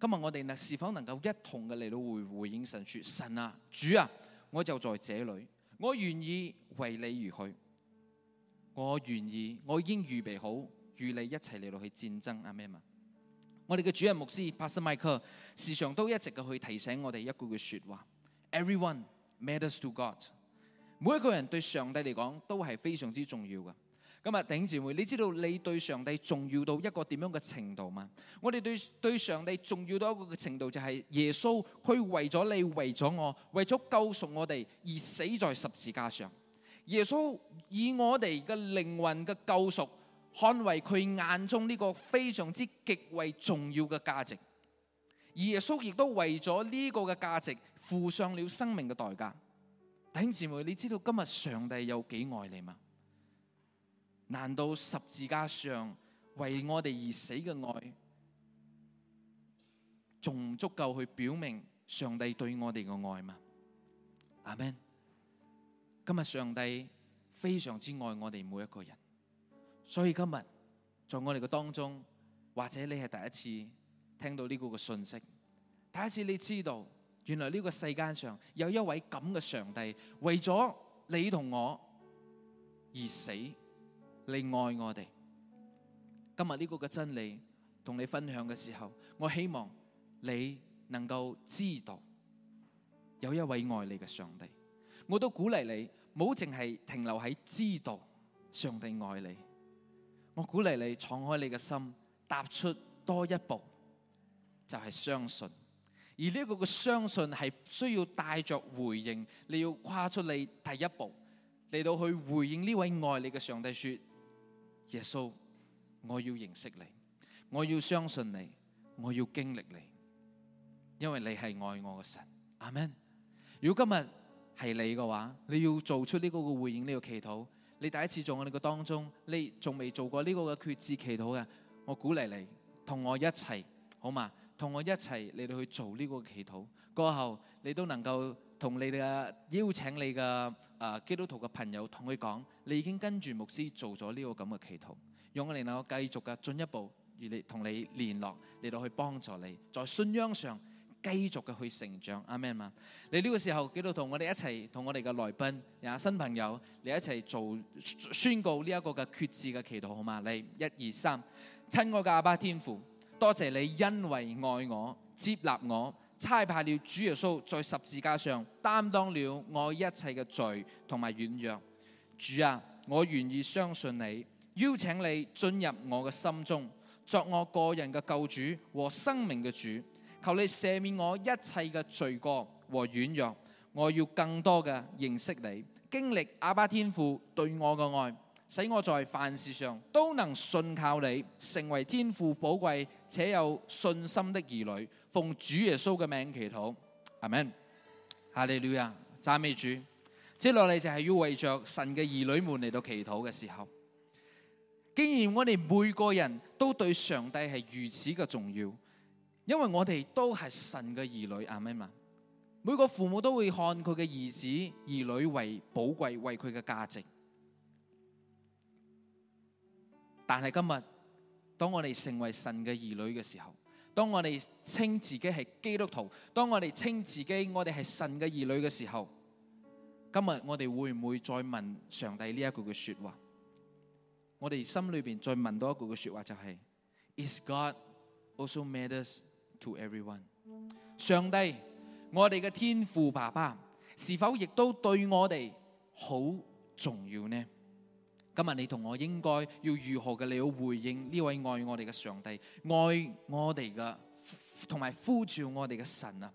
今日我哋呢，是否能夠一同嘅，嚟到回回應神說：神啊，主啊，我就在這裏，我願意為你而去，我願意，我已經預備好與你一齊嚟到去戰爭。阿媽咪，我哋嘅主任牧師帕斯 s 克 o 時常都一直嘅去提醒我哋一句句說話：Everyone matters to God，每一個人對上帝嚟講都係非常之重要嘅。今日弟兄姊妹，你知道你對上帝重要到一個點樣嘅程度嗎？我哋對對上帝重要到一個嘅程度，就係耶穌佢為咗你，為咗我，為咗救贖我哋而死在十字架上。耶穌以我哋嘅靈魂嘅救贖，看為佢眼中呢個非常之極為重要嘅價值。而耶穌亦都為咗呢個嘅價值，付上了生命嘅代價。弟兄姊妹，你知道今日上帝有幾愛你嗎？難道十字架上為我哋而死嘅愛，仲唔足夠去表明上帝對我哋嘅愛嗎？阿門。今日上帝非常之愛我哋每一個人，所以今日在我哋嘅當中，或者你係第一次聽到呢個嘅訊息，第一次你知道原來呢個世界上有一位咁嘅上帝為咗你同我而死。你愛我哋。今日呢個嘅真理同你分享嘅時候，我希望你能夠知道有一位愛你嘅上帝。我都鼓勵你，唔好淨係停留喺知道上帝愛你。我鼓勵你敞開你嘅心，踏出多一步，就係相信。而呢個嘅相信係需要帶着回應，你要跨出你第一步嚟到去回應呢位愛你嘅上帝說。耶穌，我要認識你，我要相信你，我要經歷你，因為你係愛我嘅神，阿們。如果今日係你嘅話，你要做出呢個嘅回應呢個祈禱。你第一次做我哋個當中，你仲未做過呢個嘅決志祈禱嘅，我鼓勵你同我一齊，好嘛？同我一齊你哋去做呢個祈禱過後，你都能夠。同你嘅邀請你嘅，你、啊、嘅基督徒嘅朋友，同佢講，你已經跟住牧師做咗呢個咁嘅祈禱，讓我哋能夠繼續嘅進一步，越你同你聯絡嚟到去幫助你，在信仰上繼續嘅去成長，阿咩嘛？你呢個時候，基督徒，我哋一齊，同我哋嘅來賓新朋友嚟一齊做宣告呢一個嘅決志嘅祈禱，好嘛？嚟一二三，1, 2, 3, 親愛嘅阿爸天父，多謝你因為愛我接納我。差派了主耶穌在十字架上擔當了我一切嘅罪同埋軟弱。主啊，我願意相信你，邀請你進入我嘅心中，作我個人嘅救主和生命嘅主。求你赦免我一切嘅罪過和軟弱。我要更多嘅認識你，經歷阿爸天父對我嘅愛，使我在凡事上都能信靠你，成為天父寶貴且有信心的兒女。奉主耶穌嘅名祈禱，阿們，哈利路亞，贊美主。接落嚟就係要為着神嘅兒女們嚟到祈禱嘅時候。既然我哋每個人都對上帝係如此嘅重要，因為我哋都係神嘅兒女，阿們啊，每個父母都會看佢嘅兒子、兒女為寶貴，為佢嘅價值。但係今日，當我哋成為神嘅兒女嘅時候，當我哋稱自己係基督徒，當我哋稱自己我哋係神嘅兒女嘅時候，今日我哋會唔會再問上帝呢一句嘅說話？我哋心裏邊再問多一句嘅說話就係：Is God also matters to everyone？上帝，我哋嘅天父爸爸，是否亦都對我哋好重要呢？今日你同我應該要如何嘅？你要回應呢位愛我哋嘅上帝，愛我哋嘅，同埋呼召我哋嘅神啊！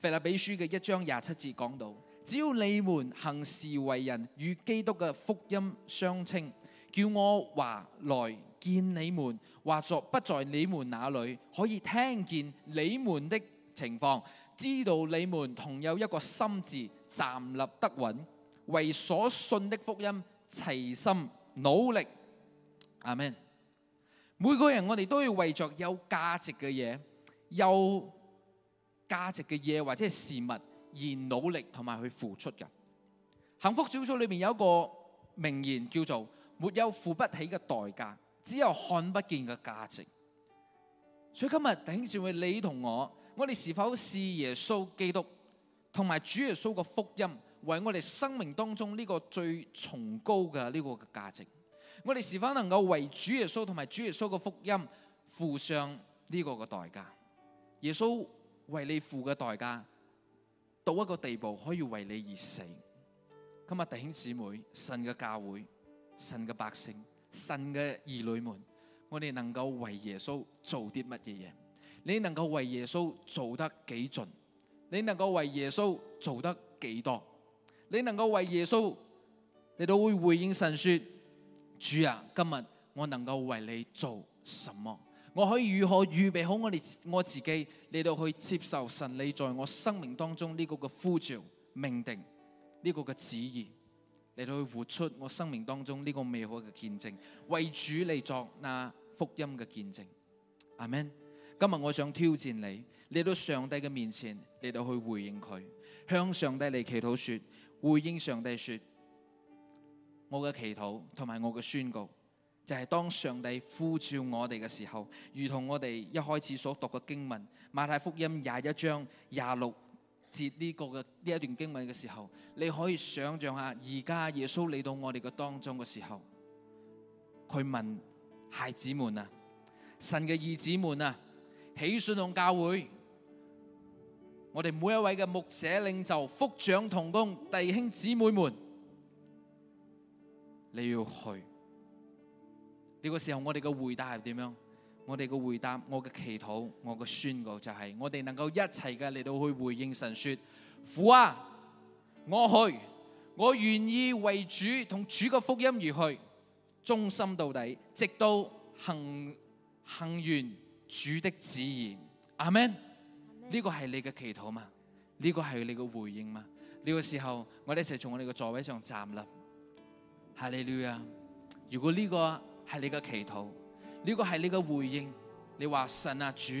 腓立比書嘅一章廿七節講到：只要你們行事為人與基督嘅福音相稱，叫我話來見你們，話作不在你們那裡，可以聽見你們的情況，知道你們同有一個心志，站立得穩，為所信的福音。齊心努力，阿門。每個人我哋都要為着有價值嘅嘢，有價值嘅嘢或者係事物而努力同埋去付出嘅。幸福小組裏面有一個名言叫做：沒有付不起嘅代價，只有看不見嘅價值。所以今日頂住會，你同我，我哋是否視耶穌基督同埋主耶穌嘅福音？為我哋生命當中呢個最崇高嘅呢個嘅價值，我哋是否能夠為主耶穌同埋主耶穌嘅福音付上呢個嘅代價？耶穌為你付嘅代價，到一個地步可以為你而死。今日弟兄姊妹，神嘅教會、神嘅百姓、神嘅兒女們，我哋能夠為耶穌做啲乜嘢嘢？你能夠為耶穌做得幾盡？你能夠為耶穌做得幾多？你能夠為耶穌嚟到會回應神說：主啊，今日我能夠為你做什麼？我可以如何預備好我哋我自己嚟到去接受神你在我生命當中呢個嘅呼召、命定呢個嘅旨意，嚟到去活出我生命當中呢個美好嘅見證，為主嚟作那福音嘅見證。阿門。今日我想挑戰你，嚟到上帝嘅面前嚟到去回應佢，向上帝嚟祈禱說。回應上帝說：我嘅祈禱同埋我嘅宣告，就係、是、當上帝呼召我哋嘅時候，如同我哋一開始所讀嘅經文《馬太福音廿一章廿六節》呢個嘅呢一段經文嘅時候，你可以想象下，而家耶穌嚟到我哋嘅當中嘅時候，佢問孩子們啊，神嘅兒子們啊，起信用教會。我哋每一位嘅牧者領袖、福長同工、弟兄姊妹們，你要去？呢、這個時候我哋嘅回答係點樣？我哋嘅回答，我嘅祈禱，我嘅宣告就係：我哋能夠一齊嘅嚟到去回應神說：父啊，我去，我願意為主同主嘅福音而去，忠心到底，直到行行完主的旨意。阿門。呢個係你嘅祈禱嘛？呢個係你嘅回應嘛？呢個時候，我哋一齊從我哋嘅座位上站立。哈利路亞！如果呢個係你嘅祈禱，呢個係你嘅回應，你話神啊，主，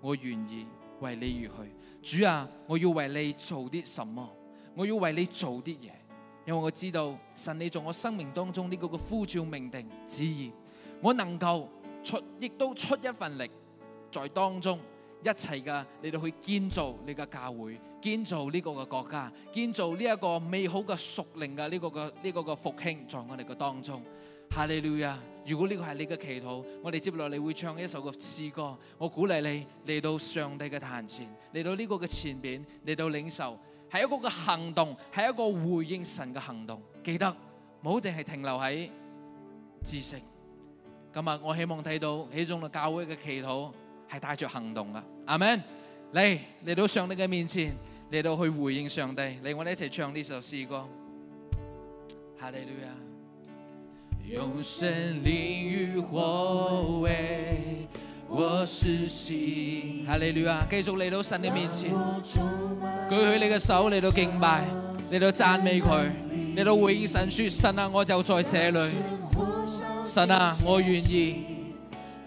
我願意為你而去。主啊，我要為你做啲什麼？我要為你做啲嘢，因為我知道神你在我生命當中呢個嘅呼召、命定、旨意，我能夠出亦都出一份力在當中。一齊㗎，你哋去建造你嘅教會，建造呢個嘅國家，建造呢一個美好嘅屬靈嘅呢個嘅呢個嘅復興，在我哋嘅當中。哈利路亞！如果呢個係你嘅祈禱，我哋接落嚟會唱一首嘅詩歌。我鼓勵你嚟到上帝嘅壇前，嚟到呢個嘅前邊，嚟到領受，係一個嘅行動，係一個回應神嘅行動。記得唔好淨係停留喺知識。今日我希望睇到起眾嘅教會嘅祈禱。係帶著行動㗎，阿們，嚟嚟到上帝嘅面前，嚟到去回應上帝，嚟我哋一齊唱呢首詩歌。哈利路亞，用神靈與火為我施洗。哈利路亞，繼續嚟到神嘅面前，舉起你嘅手嚟到敬拜，嚟到讚美佢，嚟到回應神説：神啊，我就在這裏，神啊，我願意。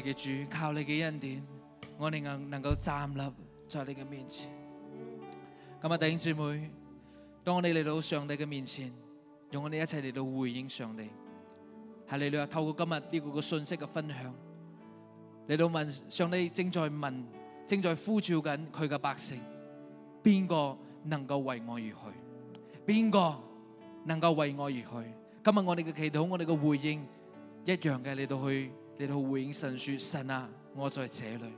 嘅主靠你嘅恩典，我哋能能夠站立在你嘅面前。今日弟兄姊妹，當我哋嚟到上帝嘅面前，用我哋一齊嚟到回應上帝。係你哋透過今日呢個嘅信息嘅分享，嚟到問上帝正在問，正在呼召緊佢嘅百姓，邊個能夠為我而去？邊個能夠為我而去？今日我哋嘅祈禱，我哋嘅回應一樣嘅嚟到去。你都回應神說：神啊，我在這裏，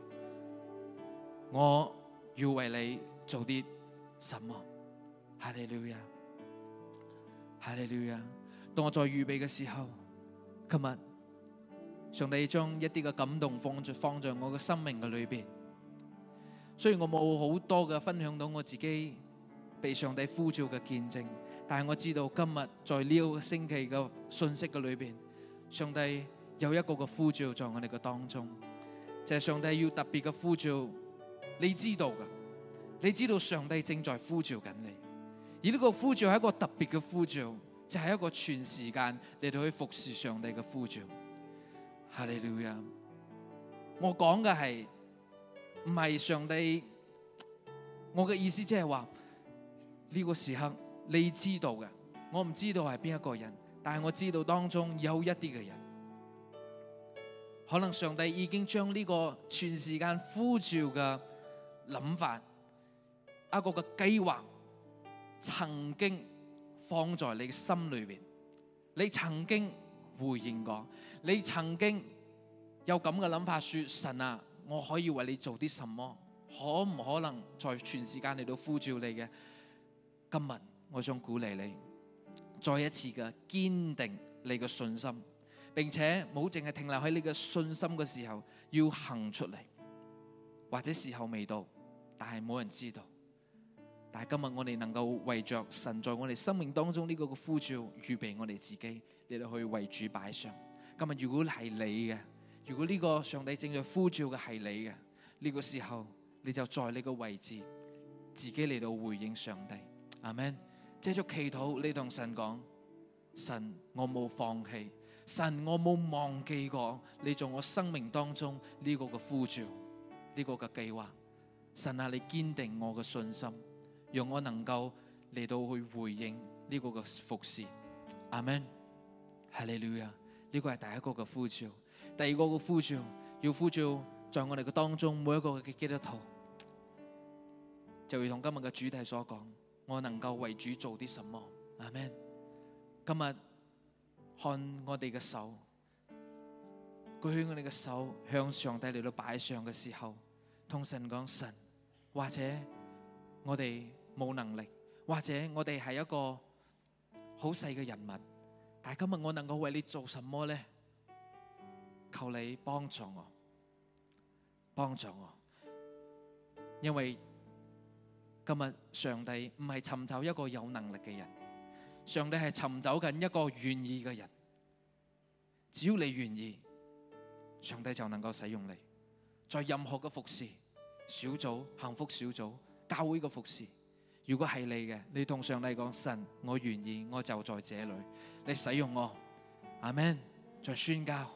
我要為你做啲什麼？哈利路亞，哈利路亞。當我在預備嘅時候，今日上帝將一啲嘅感動放在放在我嘅生命嘅裏邊。雖然我冇好多嘅分享到我自己被上帝呼召嘅見證，但係我知道今日在呢個星期嘅信息嘅裏邊，上帝。有一個個呼召在我哋嘅當中，就係上帝要特別嘅呼召。你知道嘅，你知道上帝正在呼召緊你。而呢個呼召係一個特別嘅呼召，就係一個全時間嚟到去服侍上帝嘅呼召。哈利路亞。我講嘅係唔係上帝，我嘅意思即係話呢個時刻你知道嘅，我唔知道係邊一個人，但係我知道當中有一啲嘅人。可能上帝已經將呢個全時間呼召嘅諗法，一個嘅計劃，曾經放在你嘅心裏面。你曾經回應過，你曾經有咁嘅諗法，說神啊，我可以為你做啲什麼？可唔可能在全時間嚟到呼召你嘅？今日我想鼓勵你，再一次嘅堅定你嘅信心。並且冇淨係停留喺呢個信心嘅時候，要行出嚟，或者時候未到，但係冇人知道。但係今日我哋能夠為着神在我哋生命當中呢個嘅呼召，預備我哋自己嚟到去為主擺上。今日如果係你嘅，如果呢個上帝正在呼召嘅係你嘅，呢個時候你就在你個位置，自己嚟到回應上帝。阿門，借著祈禱，你同神講：神，我冇放棄。神，我冇忘記過你做我生命當中呢個嘅呼召，呢個嘅計劃。神啊，你堅定我嘅信心，讓我能夠嚟到去回應呢個嘅服侍。阿門。係你女呀，呢個係第一個嘅呼召，第二個嘅呼召要呼召在我哋嘅當中每一個嘅基督徒，就如同今日嘅主題所講，我能夠為主做啲什麼？阿門。今日。看我哋嘅手，舉起我哋嘅手向上帝嚟到擺上嘅時候，同神講，神，或者我哋冇能力，或者我哋係一個好細嘅人物，但係今日我能夠為你做什麼咧？求你幫助我，幫助我，因為今日上帝唔係尋找一個有能力嘅人。上帝係尋找緊一個願意嘅人，只要你願意，上帝就能夠使用你，在任何嘅服侍小組、幸福小組、教會嘅服侍，如果係你嘅，你同上帝講：神，我願意，我就在這裏，你使用我。阿門。在宣教，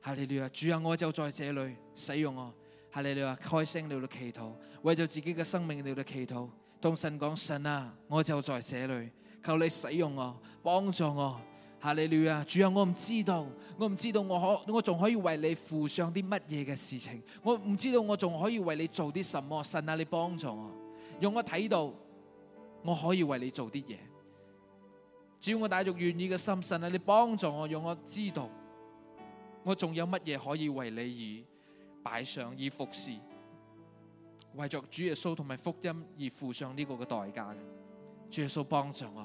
哈利路亞，主啊，我就在這裏，使用我。哈利路亞，開聲嚟祈禱，為咗自己嘅生命嚟祈禱，同神講：神啊，我就在這裏。求你使用我，幫助我，哈利路亞，主啊，我唔知道，我唔知道我可，我仲可以為你付上啲乜嘢嘅事情，我唔知道我仲可以為你做啲什麼，神啊，你幫助我，讓我睇到我可以為你做啲嘢，只要我帶着願意嘅心，神啊，你幫助我，讓我知道我仲有乜嘢可以為你而擺上而服侍，為着主耶穌同埋福音而付上呢個嘅代價嘅，主耶穌幫助我。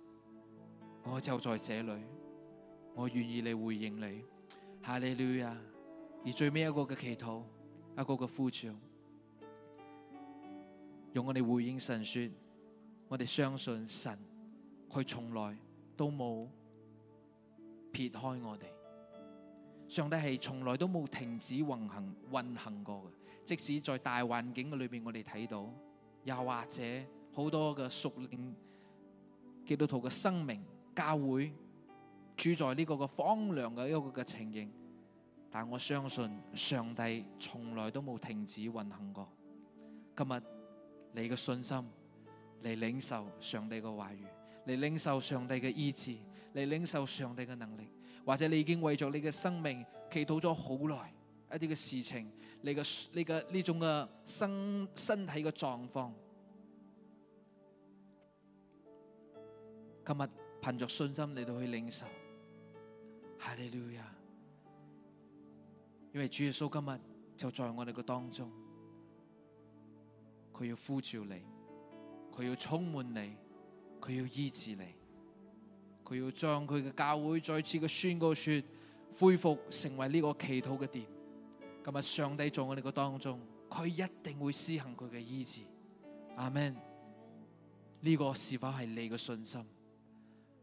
我就在這裏，我願意嚟回應你，哈利路亞！而最尾一個嘅祈禱，一個嘅呼召，用我哋回應神說：我哋相信神，佢從來都冇撇開我哋。上帝係從來都冇停止運行運行過嘅，即使在大環境裏面我哋睇到，又或者好多嘅屬靈基督徒嘅生命。教會處在呢個個荒涼嘅一個嘅情形，但我相信上帝從來都冇停止運行過。今日你嘅信心，嚟領受上帝嘅話語，嚟領受上帝嘅意志，嚟領受上帝嘅能力，或者你已經為咗你嘅生命祈禱咗好耐一啲嘅事情你，你嘅你嘅呢種嘅身身體嘅狀況，今日。憑着信心嚟到去領受，哈利路亞！因為主耶穌今日就在我哋嘅當中，佢要呼召你，佢要充滿你，佢要醫治你，佢要將佢嘅教會再次嘅宣告說，恢復成為呢個祈禱嘅殿。今日上帝在我哋嘅當中，佢一定會施行佢嘅醫治。阿門。呢個是否係你嘅信心？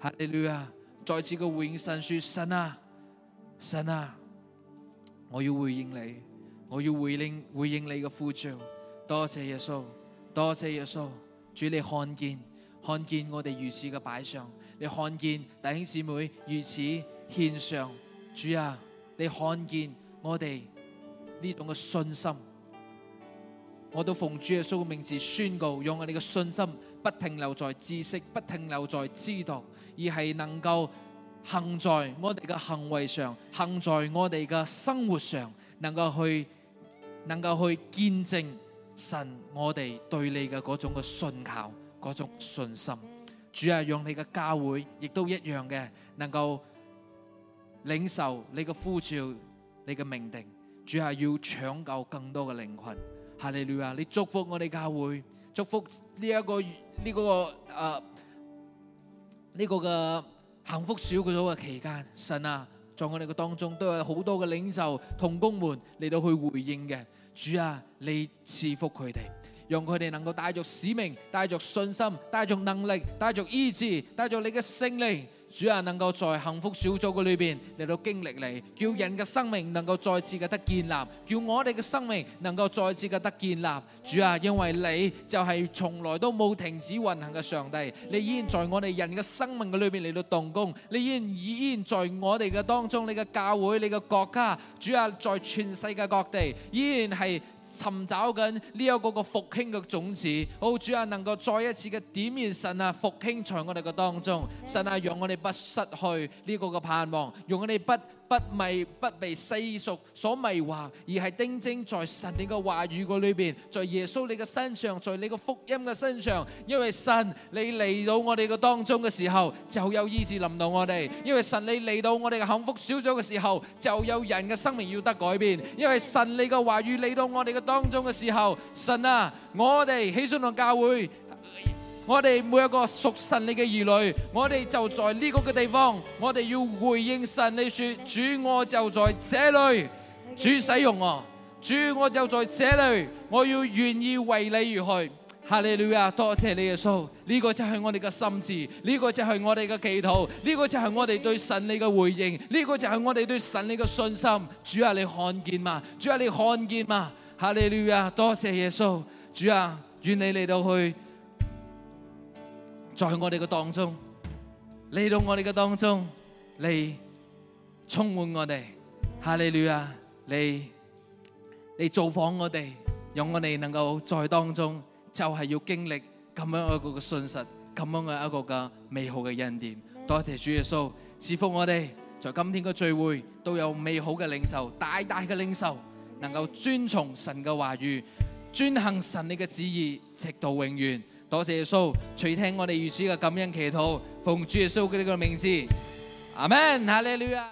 哈利路亞！再次嘅回應神說：神啊，神啊，我要回應你，我要回應回應你嘅呼召。多謝耶穌，多謝耶穌，主你看見，看見我哋如此嘅擺上，你看見弟兄姊妹如此獻上，主啊，你看見我哋呢種嘅信心。我都奉主耶穌嘅名字宣告，讓我哋嘅信心不停留在知識，不停留在知道，而係能夠行在我哋嘅行為上，行在我哋嘅生活上，能夠去，能夠去見證神我哋對你嘅嗰種嘅信靠，嗰種信心。主啊，讓你嘅教會亦都一樣嘅，能夠領受你嘅呼召，你嘅命定。主啊，要搶救更多嘅靈魂。哈利路亞，你祝福我哋教會，祝福呢一個呢嗰個誒呢個嘅幸福小組嘅期間，神啊，在我哋嘅當中都有好多嘅領袖同工們嚟到去回應嘅，主啊，你賜福佢哋，讓佢哋能夠帶着使命、帶着信心、帶着能力、帶着意志、帶着你嘅勝利。主啊，能夠在幸福小組裏邊嚟到經歷你，叫人嘅生命能夠再次嘅得建立，叫我哋嘅生命能夠再次嘅得建立。主啊，因為你就係從來都冇停止運行嘅上帝，你依然在我哋人嘅生命裏邊嚟到動工，你依然依然在我哋嘅當中，你嘅教會，你嘅國家，主啊，在全世界各地依然係。尋找緊呢一個復興嘅種子，好主啊，能夠再一次嘅點燃神啊，復興在我哋嘅當中，神啊，讓我哋不失去呢個嘅盼望，讓我哋不。不迷不被世俗所迷惑，而係定睛在神你嘅話語個裏邊，在耶穌你嘅身上，在你嘅福音嘅身上。因為神你嚟到我哋嘅當中嘅時候，就有意志臨到我哋；因為神你嚟到我哋嘅幸福小組嘅時候，就有人嘅生命要得改變。因為神你嘅話語嚟到我哋嘅當中嘅時候，神啊，我哋喜信堂教會。我哋每一個屬神你嘅兒女，我哋就在呢個嘅地方，我哋要回應神你說：主我就在這裏，主使用我，主我就在這裏，我要願意為你而去。哈利路亞，多謝你耶穌，呢個就係我哋嘅心志，呢個就係我哋嘅祈禱，呢個就係我哋對神你嘅回應，呢個就係我哋對神你嘅信心。主啊，你看見嘛？主啊，你看見嘛？哈利路亞，多謝耶穌。主啊，願你嚟到去。在我哋嘅當中，嚟到我哋嘅當中，嚟充滿我哋，哈利路亞，嚟嚟造訪我哋，讓我哋能夠在當中就係要經歷咁樣一個嘅信實，咁樣嘅一個嘅美好嘅恩典。多謝主耶穌賜福我哋，在今天嘅聚會都有美好嘅領受，大大嘅領受，能夠遵從神嘅話語，遵行神你嘅旨意，直到永遠。多謝耶穌，垂聽我哋如此嘅感恩祈禱，奉主耶穌嘅呢個名字，阿門！哈利路亞。